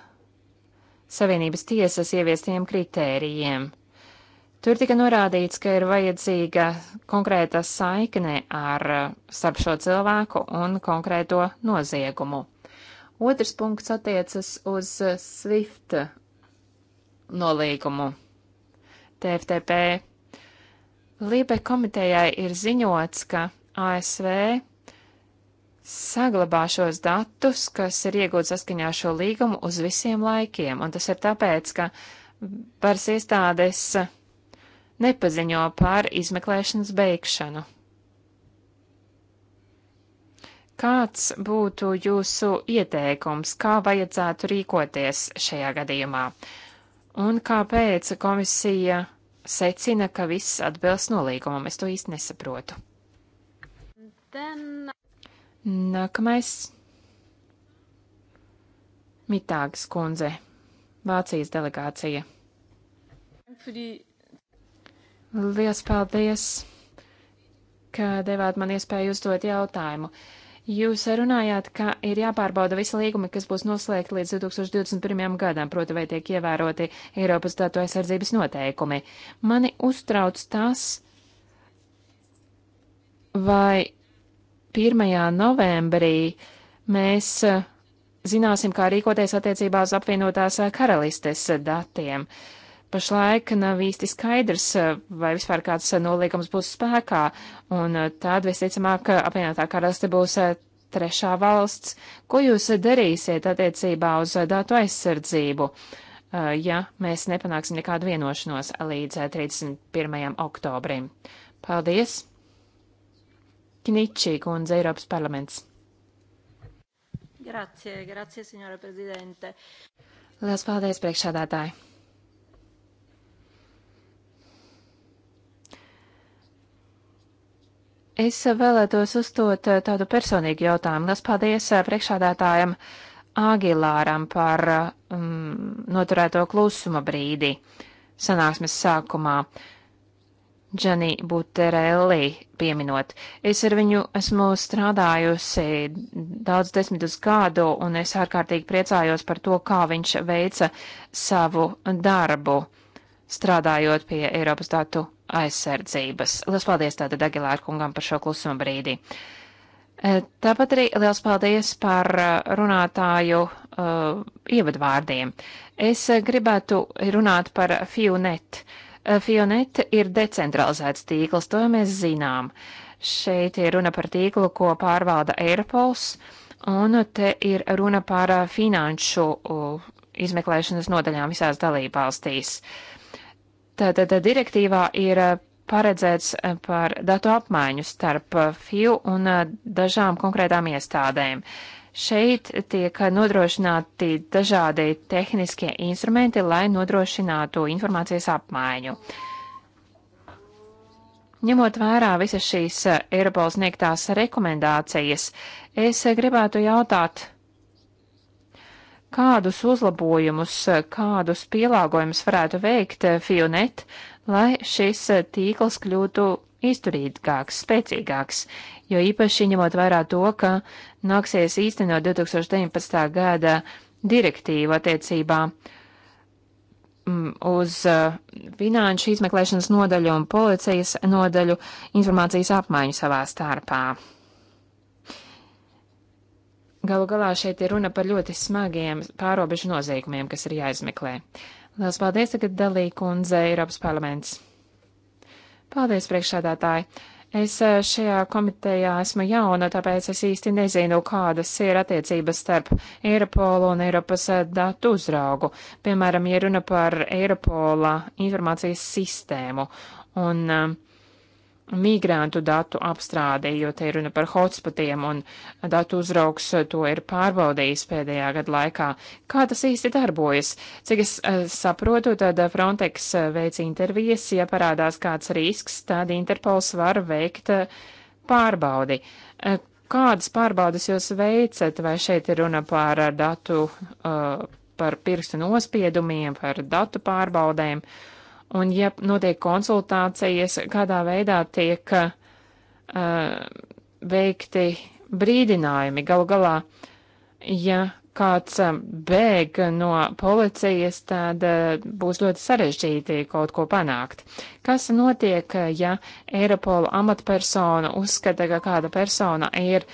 A: Savienības tiesas ieviestiem kritērijiem. Tur tika norādīts, ka ir vajadzīga konkrēta saikne ar uh, starp šo cilvēku un konkrēto noziegumu. Otrs punkts attiecas uz uh, SWIFT nolīgumu. TFTP Lībe komitejai ir ziņots, ka ASV saglabā šos datus, kas ir iegūti saskaņā ar šo līgumu uz visiem laikiem, un tas ir tāpēc, ka varas iestādes nepaziņo par izmeklēšanas beigšanu. Kāds būtu jūsu ieteikums, kā vajadzētu rīkoties šajā gadījumā? Un kāpēc komisija secina, ka viss atbilst nolīgumam? Es to īsti nesaprotu. Then... Nākamais. Mitāgas kundze, Vācijas delegācija. Lielas paldies, ka devāt man iespēju uzdot jautājumu. Jūs runājāt, ka ir jāpārbauda visi līgumi, kas būs noslēgti līdz 2021. gadam, proti, vai tiek ievēroti Eiropas datu aizsardzības noteikumi. Mani uztrauc tas, vai 1. novembrī mēs e, zināsim, kā rīkoties attiecībā uz apvienotās e, karalistes e, datiem. Pašlaik nav īsti skaidrs, vai vispār kāds nolīgums būs spēkā, un tad visticamāk apvienotā karaliste būs trešā valsts. Ko jūs darīsiet attiecībā uz datu aizsardzību, ja mēs nepanāksim nekādu vienošanos līdz 31. oktobrim? Paldies! Kničī kundze, Eiropas parlaments. Grazie, grazie, signora prezidente. Lielas paldies, priekšādātāji. Es vēlētos uzdot eh, tādu personīgu jautājumu. Lielas paldies eh, priekšādātājam Āgilāram par um, noturēto klusuma brīdi sanāksmes sākumā. Uh, Džani Buterelli pieminot. Es ar viņu esmu strādājusi daudz desmitus gadu, un es ārkārtīgi priecājos par to, kā viņš veica savu darbu, strādājot pie Eiropas datu aizsardzības. Lielas paldies tātad Agilēra kungam par šo klusuma brīdi. E, tāpat arī liels paldies par e, runātāju uh, ievadvārdiem. Es gribētu runāt par FIUNET. Uh, Eh, Fionete ir decentralizēts tīkls, to jau mēs zinām. Šeit ir runa par tīklu, ko pārvalda Eiropols, un te ir runa par eh, finanšu eh, izmeklēšanas nodaļām visās dalībvalstīs. Tātad direktīvā ir paredzēts par datu apmaiņu starp FIU un dažām konkrētām iestādēm. Uh, Šeit tiek nodrošināti dažādi tehniskie instrumenti, lai nodrošinātu informācijas apmaiņu. Ņemot vērā visas šīs eh, Eiropas sniegtās rekomendācijas, es gribētu jautāt, kādus uzlabojumus, kādus pielāgojumus varētu veikt eh, Fionet, lai šis eh, tīkls kļūtu izturīgāks, spēcīgāks, jo īpaši ņemot vērā to, ka nāksies īstenot 2019. gada direktīvu attiecībā mm, uz eh, finanšu izmeklēšanas nodaļu un policijas nodaļu informācijas apmaiņu savā starpā. Galu galā šeit ir runa par ļoti smagiem pārobežu noziegumiem, kas ir jāizmeklē. Lielas paldies tagad dalī kundze Eiropas parlaments. Paldies, priekšsādātāji! Es eh, šajā komitejā esmu jauna, tāpēc es īsti nezinu, kādas ir attiecības starp Eiropolu un Eiropas eh, datu uzraugu. Piemēram, ja runa par Eiropola informācijas sistēmu un eh, migrantu datu apstrādi, jo te ir runa par hotspotiem, un datu uzraugs to ir pārbaudījis pēdējā gada laikā. Kā tas īsti darbojas? Cik es eh, saprotu, tad Frontex eh, veic intervijas, ja parādās kāds risks, tad Interpols var veikt eh, pārbaudi. Kādas pārbaudas jūs veicat, vai šeit ir runa par datu, par pirkstu nospiedumiem, par datu pārbaudēm? Uh, un ja notiek konsultācijas, kādā veidā tiek uh, veikti brīdinājumi. Galu galā, ja kāds um, bēg no policijas, tad uh, būs ļoti sarežģīti kaut ko panākt. Kas notiek, uh, ja Eiropola amatpersona uzskata, ka kāda persona ir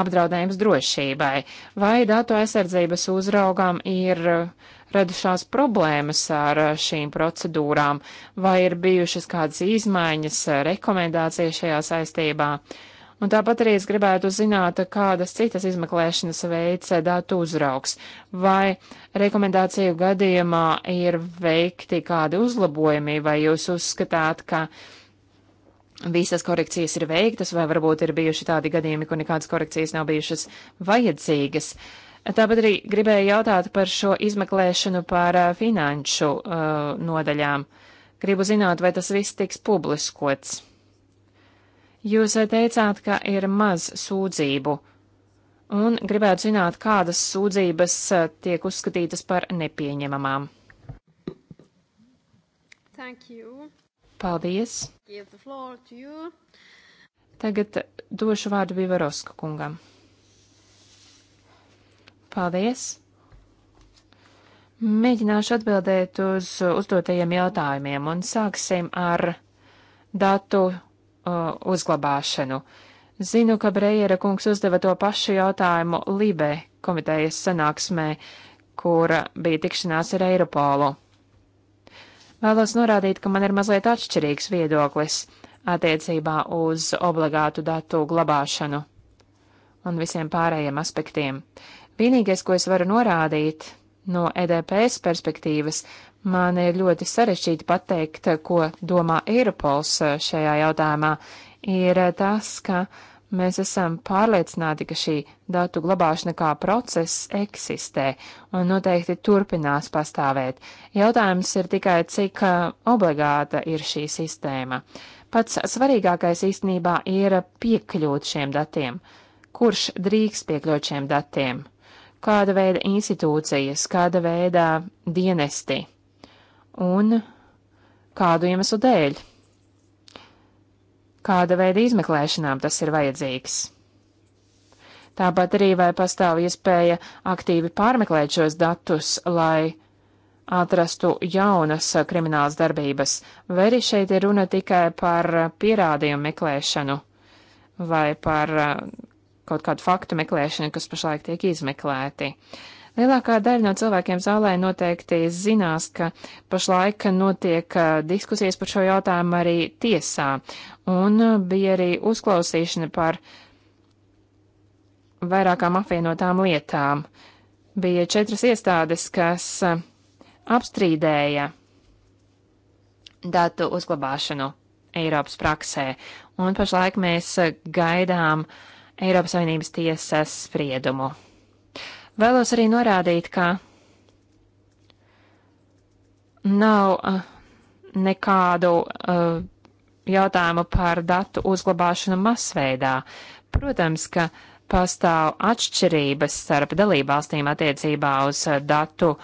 A: apdraudējums drošībai? Vai datu aizsardzības uzraugam ir uh, radušās problēmas ar šīm procedūrām, vai ir bijušas kādas izmaiņas, rekomendācijas šajā saistībā. Un tāpat arī es gribētu zināt, kādas citas izmeklēšanas veids eh, datu uzrauks, vai rekomendāciju gadījumā ir veikti kādi uzlabojumi, vai jūs uzskatāt, ka visas korekcijas ir veiktas, vai varbūt ir bijuši tādi gadījumi, kur nekādas korekcijas nav bijušas vajadzīgas. Uh, Tāpat arī gribēju jautāt par šo izmeklēšanu par finanšu uh, nodaļām. Gribu zināt, vai tas viss tiks publiskots. Jūs teicāt, ka ir maz sūdzību, un gribētu zināt, kādas sūdzības tiek uzskatītas par nepieņemamām. Paldies! Tagad došu vārdu Vivaroska kungam. Paldies! Mēģināšu atbildēt uz uzdotajiem jautājumiem un sāksim ar datu uh, uzglabāšanu. Zinu, ka Breiera kungs uzdeva to pašu jautājumu Libē komitejas sanāksmē, kur bija tikšanās ar Eiropolu. Vēlos norādīt, ka man ir mazliet atšķirīgs viedoklis attiecībā uz obligātu datu glabāšanu un visiem pārējiem aspektiem. Uh, Vienīgais, ko es varu norādīt no EDPS perspektīvas, man ir ļoti sarežģīti pateikt, ko domā Eiropols eh, šajā jautājumā, ir eh, tas, ka mēs esam pārliecināti, ka šī datu glabāšana kā process eksistē un noteikti turpinās pastāvēt. Jautājums ir tikai, cik eh, obligāta ir šī sistēma. Pats svarīgākais īstenībā ir piekļūt šiem datiem. Kurš drīkst piekļūt šiem datiem? kāda veida institūcijas, kāda veida dienesti un kādu iemeslu dēļ, kāda veida izmeklēšanām tas ir vajadzīgs. Tāpat arī vai pastāv iespēja aktīvi pārmeklēt šos datus, lai atrastu jaunas kriminālas darbības, vai arī šeit ir runa tikai par pierādījumu meklēšanu vai par kaut kādu faktu meklēšanu, kas pašlaik tiek izmeklēti. Lielākā daļa no cilvēkiem zālē noteikti zinās, ka pašlaik notiek uh, diskusijas par šo jautājumu arī tiesā, un uh, bija arī uzklausīšana par vairākām apvienotām lietām. Bija četras iestādes, kas uh, apstrīdēja datu uzglabāšanu Eiropas praksē, un pašlaik mēs gaidām uh, Eiropas Savienības tiesas spriedumu. Vēlos arī norādīt, ka nav uh, nekādu uh, jautājumu par datu uzglabāšanu masveidā. Protams, ka pastāv atšķirības starp dalībvalstīm attiecībā uz eh, datu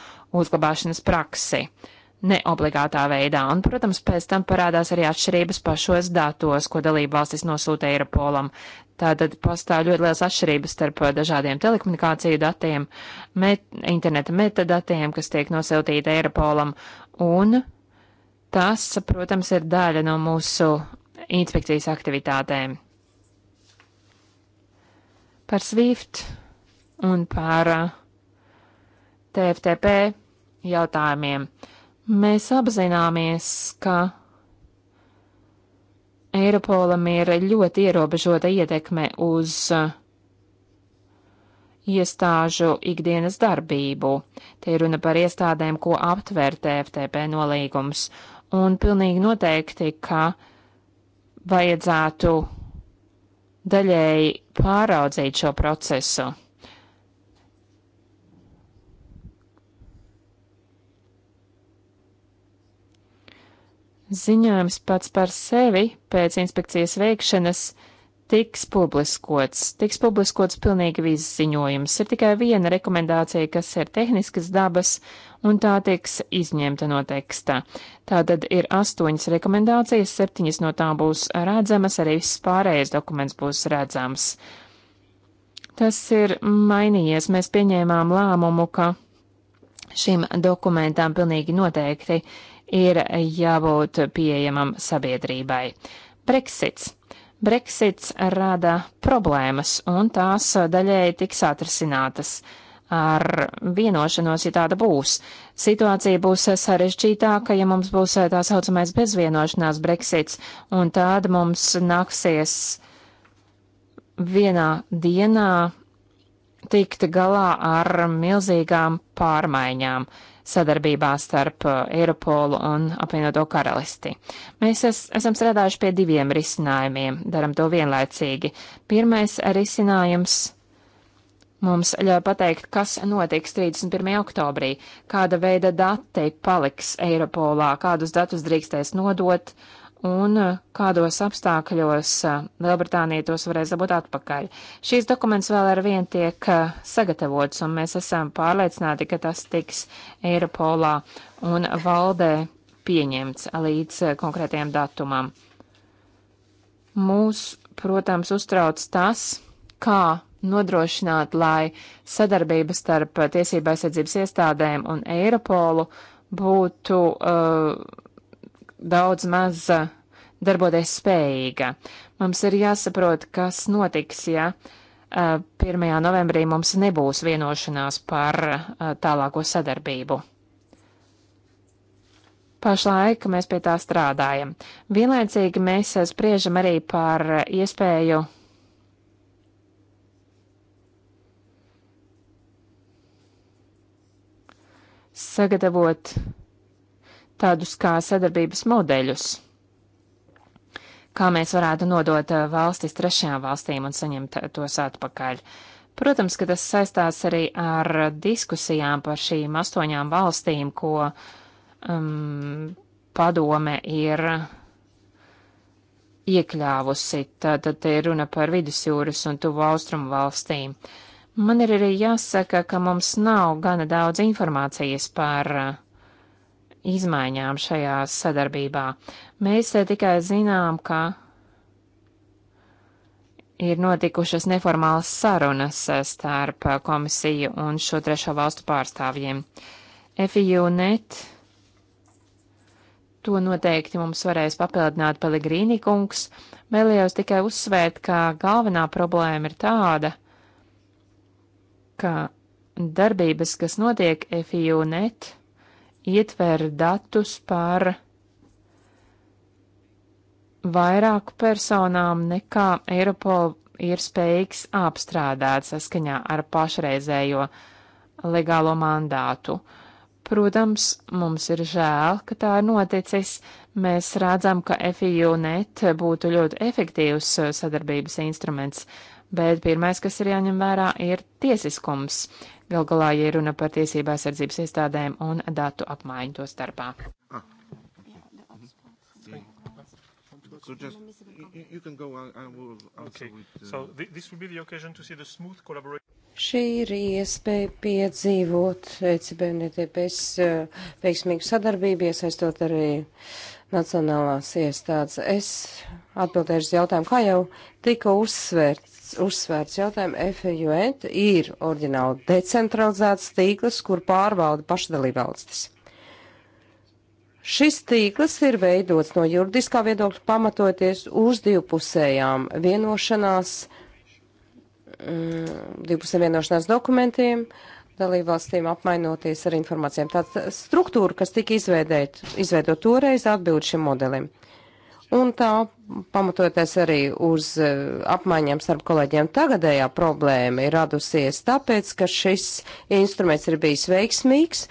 A: uzglabāšanas praksi. Uh, neobligātā veidā, un, protams, pēc tam parādās arī atšķirības pašos datos, ko dalība valstis nosūta Eiropolam. Tātad pastāv ļoti liels atšķirības starp eh, dažādiem telekomunikāciju datiem, met, interneta metadatiem, kas tiek nosūtīti Eiropolam, un tas, protams, ir daļa no mūsu inspekcijas aktivitātēm. Par SWIFT un par eh, TFTP jautājumiem. Uh, Mēs apzināmies, ka Eiropolam ir ļoti ierobežota ietekme uz uh, iestāžu ikdienas darbību. Te runa par iestādēm, ko aptver TFTP nolīgums, un pilnīgi noteikti, ka vajadzētu daļēji pāraudzīt šo procesu. Ziņojums pats par sevi pēc inspekcijas veikšanas tiks publiskots. Tiks publiskots pilnīgi viss ziņojums. Ir tikai viena rekomendācija, kas ir tehniskas dabas, un tā tiks izņemta no teksta. Tātad ir astoņas rekomendācijas, septiņas no tām būs redzamas, arī viss pārējais dokuments būs redzams. Tas ir mainījies. Mēs pieņēmām lēmumu, ka šim dokumentam pilnīgi noteikti ir jābūt pieejamam sabiedrībai. Brexits. Brexits rada problēmas, un tās daļēji tiks atrasinātas. Ar vienošanos, ja tāda būs, situācija būs sarežģītāka, ja mums būs tā saucamais bezvienošanās Brexits, un tāda mums nāksies vienā dienā tikt galā ar milzīgām pārmaiņām. Uh, sadarbībā starp uh, Eiropolu un apvienoto karalisti. Mēs es, esam strādājuši pie diviem risinājumiem, daram to vienlaicīgi. Pirmais risinājums mums ļauj pateikt, kas notiks 31. oktobrī, kāda veida dati paliks Eiropolā, kādus datus drīkstēs nodot un eh, kādos apstākļos eh, Lielbritānija tos varēs dabūt atpakaļ. Šīs dokuments vēl ar vien tiek eh, sagatavots, un mēs esam pārliecināti, ka tas tiks Eiropolā un valdē pieņemts līdz konkrētajam datumam. Mūs, protams, uztrauc tas, kā nodrošināt, lai sadarbība starp tiesība aizsardzības iestādēm un Eiropolu būtu uh, daudz maz darboties spējīga. Mums ir jāsaprot, kas notiks, ja 1. novembrī mums nebūs vienošanās par tālāko sadarbību. Pašlaik mēs pie tā strādājam. Vienlaicīgi mēs spriežam arī par iespēju sagatavot tādus kā sadarbības modeļus kā mēs varētu nodot uh, valstis trešajām valstīm un saņemt uh, tos atpakaļ. Protams, ka tas saistās arī ar diskusijām par šīm astoņām valstīm, ko um, padome ir iekļāvusi. Tad, tad ir runa par vidusjūras un tuvu austrumu valstīm. Man ir arī jāsaka, ka mums nav gana daudz informācijas par uh, izmaiņām šajā sadarbībā. Mēs eh, tikai zinām, ka ir notikušas neformālas sarunas eh, starp eh, komisiju un šo trešo valstu pārstāvjiem. FIU net to noteikti mums varēs papildināt Pelegrīni kungs. Vēlējos tikai uzsvērt, ka galvenā problēma ir tāda, ka darbības, kas notiek FIU net, ietver datus par vairāk personām nekā Eiropola ir spējīgs apstrādāt saskaņā ar pašreizējo legālo mandātu. Protams, mums ir žēl, ka tā ir noticis. Mēs redzam, ka FIUNET būtu ļoti efektīvs sadarbības instruments, bet pirmais, kas ir jāņem vērā, ir tiesiskums. Gal galā, ja runa par tiesībā sardzības iestādēm un datu apmaiņu to starpā. Ah. So just, you, you can go, I will answer okay. with... Uh... So th this will be the occasion to see the smooth collaboration.
B: Šī ir iespēja piedzīvot ECB un ETPS uh, veiksmīgu sadarbību, iesaistot arī nacionālās iestādes. Es atbildēšu jautājumu, kā jau tika uzsvērts, uzsvērts jautājumu, FUET e ir orģināli decentralizēts tīkls, kur pārvalda pašdalībvalstis. Šis tīkls ir veidots no juridiskā viedokļa pamatoties uz divpusējām vienošanās, mm, divpusējām vienošanās dokumentiem, dalībvalstīm apmainoties ar informācijām. Tā struktūra, kas tika izveidēt, izveidot toreiz, atbild šim modelim. Un tā pamatoties arī uz eh, apmaiņām starp kolēģiem tagadējā problēma ir radusies tāpēc, ka šis instruments ir bijis veiksmīgs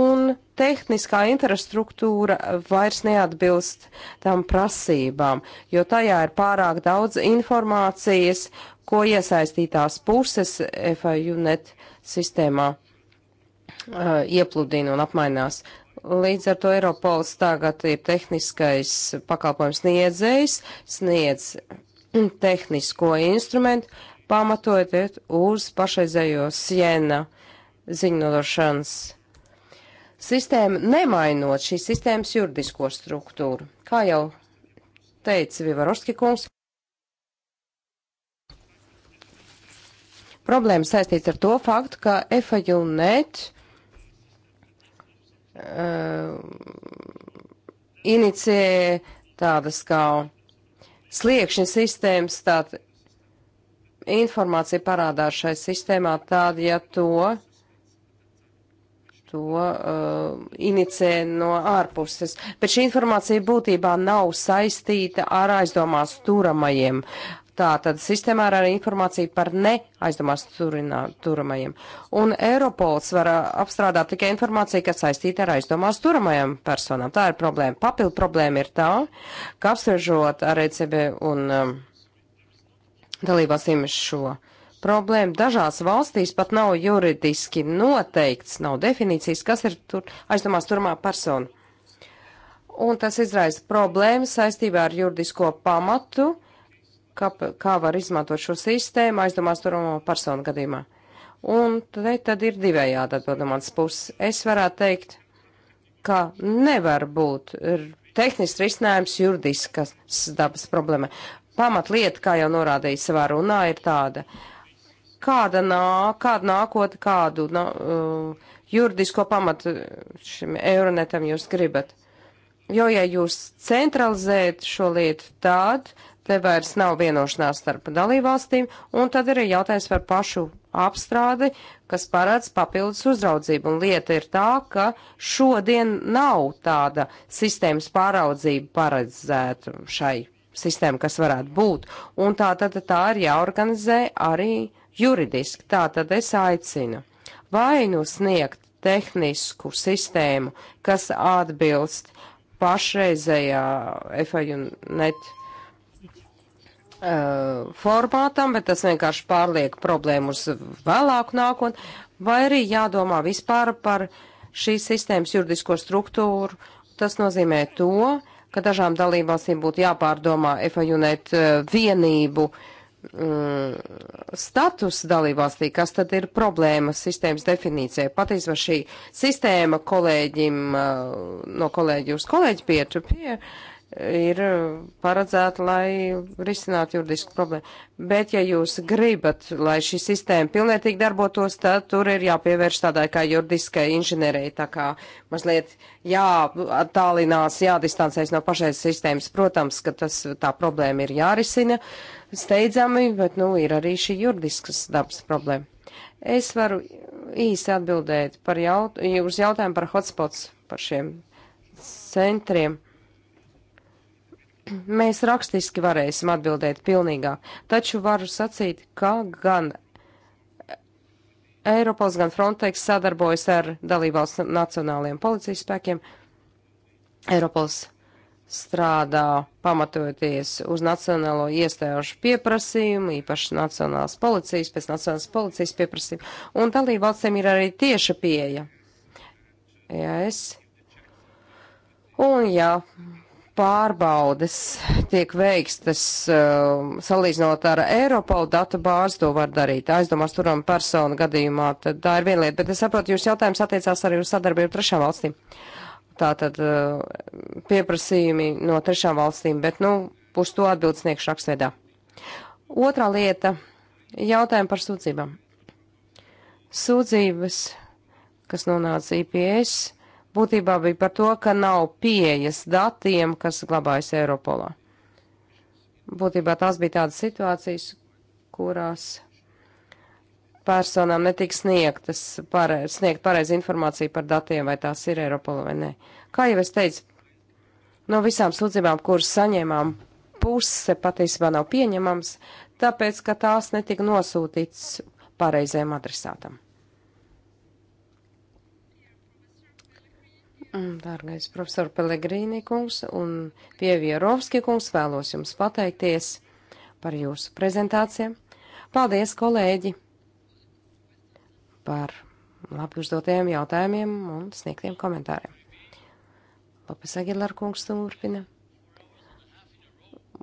B: un tehniskā infrastruktūra vairs neatbilst tam prasībām, jo tajā ir pārāk daudz informācijas, ko iesaistītās puses FIUNET sistēmā uh, iepludina un apmainās. Līdz ar to Eiropols tagad ir tehniskais pakalpojums sniedzējs, sniedz tehnisko instrumentu, pamatojoties uz pašreizējo siena ziņošanas sistēmu, nemainot šīs sistēmas juridisko struktūru. Kā jau teica Vivarovski kungs, problēma saistīta ar to faktu, ka FAU net uh, inicē tādas kā sliekšņa sistēmas, tāda informācija parādās šai sistēmā tāda, ja to to uh, inicē no ārpuses. Bet šī informācija būtībā nav saistīta ar aizdomās turamajiem. Tātad sistēmā ir arī informācija par neaizdomās turinā, turamajiem. Un Eiropols var eh, apstrādāt tikai informāciju, kas saistīta ar aizdomās turamajām personām. Tā ir problēma. Papildu problēma ir tā, ka apsvežot ar ECB un um, dalībvalstīm šo uh, problēma. Dažās valstīs pat nav juridiski noteikts, nav definīcijas, kas ir tur, aizdomās turmā persona. Un tas izraisa problēmas saistībā ar juridisko pamatu, kā, kā var izmantot šo sistēmu aizdomās turmā persona gadījumā. Un te tad ir divējādi atbildamāts puses. Es varētu teikt, ka nevar būt tehnisks risinājums juridiskas dabas problēma pamatlieta, kā jau norādīja savā runā, ir tāda, kāda, nā, kāda nākotne, kādu nā, uh, juridisko pamatu šim Euronetam jūs gribat. Jo, ja jūs centralizējat šo lietu, tad te vairs nav vienošanās starp dalībvalstīm, un tad ir jautājums par pašu apstrādi, kas parāds papildus uzraudzību. Un lieta ir tā, ka šodien nav tāda sistēmas pāraudzība paredzēta šai sistēma, kas varētu būt. Un tā tad tā, tā ir jāorganizē arī juridiski. Tātad es aicinu vai nu sniegt tehnisku sistēmu, kas atbilst pašreizējā FAU net uh, formātam, bet tas vienkārši pārliek problēmu uz vēlāku nākotni, vai arī jādomā vispār par šīs sistēmas juridisko struktūru. Tas nozīmē to, ka dažām dalībvalstīm būtu jāpārdomā FAU net uh, vienību uh, Uh, status dalībvalstī, kas tad ir problēma sistēmas definīcijai. Patiesībā šī sistēma kolēģim, uh, no kolēģi uz kolēģi pietu pie, ir uh, paredzēta, lai risinātu juridisku problēmu. Bet, ja jūs gribat, lai šī sistēma pilnvērtīgi darbotos, tad tur ir jāpievērš tādai kā juridiskai inženierei, tā kā mazliet jāattālinās, jādistancēs no pašais sistēmas. Protams, ka tas, tā problēma ir jārisina. Uh, steidzami, bet, nu, ir arī šī juridiskas dabas problēma. Es varu īsi atbildēt par jaut uz jautājumu par hotspots, par šiem centriem. Mēs rakstiski varēsim atbildēt pilnīgāk, taču varu sacīt, ka gan Eiropas, gan Frontex sadarbojas ar dalībvalsts nacionālajiem policijas spēkiem. Eiropas strādā pamatojoties uz nacionālo iestāžu pieprasījumu, īpaši nacionālās policijas, pēc nacionālās policijas pieprasījumu, un dalību valstīm ir arī tieša pieeja. Jā, e es. Un jā, pārbaudes tiek veikstas uh, salīdzinot ar Eiropolu datu bāzi, to var darīt. Aizdomās turam personu gadījumā, tad tā ir viena lieta, bet es saprotu, jūs jautājums attiecās arī uz sadarbību trešām valstīm. Uh, tātad eh, pieprasījumi no trešām valstīm, bet, nu, uz to atbildes sniegšu rakstveidā. Otrā lieta - jautājumi par sūdzībām. Sūdzības, kas nonāca IPS, būtībā bija par to, ka nav pieejas datiem, kas glabājas Eiropolā. Būtībā tās bija tādas situācijas, kurās personām netiks sniegtas, pare, sniegt pareizi informāciju par datiem, vai tās ir Eiropola vai nē. Kā jau es teicu, no visām sūdzībām, kuras saņēmām, puse patiesībā nav pieņemams, tāpēc, ka tās netika nosūtīts pareizajam adresātam. Mm, dārgais profesor Pelegrīni kungs un Pievierovski kungs vēlos jums pateikties par jūsu prezentācijām. Paldies, kolēģi! par labi uzdotiem jautājumiem un sniegtiem komentāriem. Lopes Agilar kungs turpina.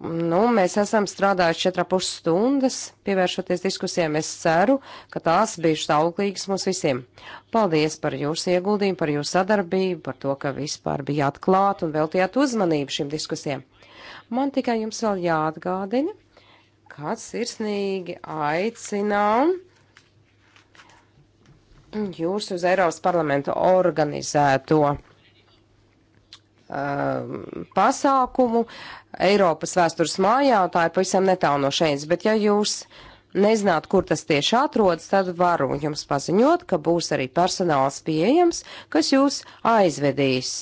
B: Nu, mēs esam strādājuši 4,5 stundas, pievēršoties diskusijām. Es ceru, ka tās bijušas auglīgas mums visiem. Paldies par jūsu ieguldījumu, par jūsu sadarbību, par to, ka vispār bija atklāt un veltījāt uzmanību šīm diskusijām. Man tikai jums vēl jāatgādina, kāds sirsnīgi aicinām jūs uz Eiropas parlamentu organizēto uh, pasākumu Eiropas vēstures mājā, tā ir pavisam netālu no šeins, bet ja jūs nezināt, kur tas tieši atrodas, tad varu jums paziņot, ka būs arī personāls pieejams, kas jūs aizvedīs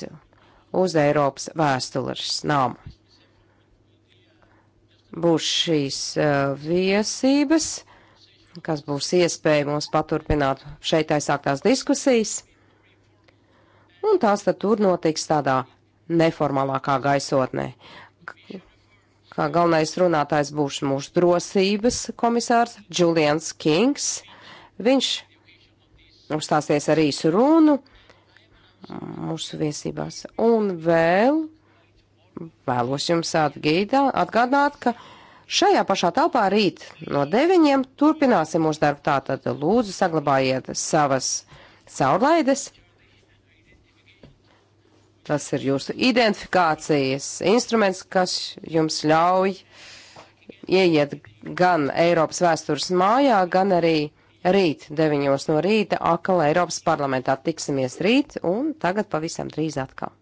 B: uz Eiropas vēstures namu. Būs šīs uh, viesības kas būs iespēja mums paturpināt šeit aizsāktās diskusijas. Un tās tad tur notiks tādā neformālākā gaisotnē. Kā galvenais runātājs būs mūsu drosības komisārs Julians Kings. Viņš uzstāsies ar īsu runu mūsu viesībās. Un vēl vēlos jums atgīdā, atgādāt, ka Šajā pašā telpā rīt no deviņiem turpināsim mūsu darbu. Tātad lūdzu saglabājiet savas caurlaides. Tas ir jūsu identifikācijas instruments, kas jums ļauj ieiet gan Eiropas vēstures mājā, gan arī rīt, 9 no rīta, akal Eiropas parlamentā. Tiksimies rīt un tagad pavisam drīz atkal.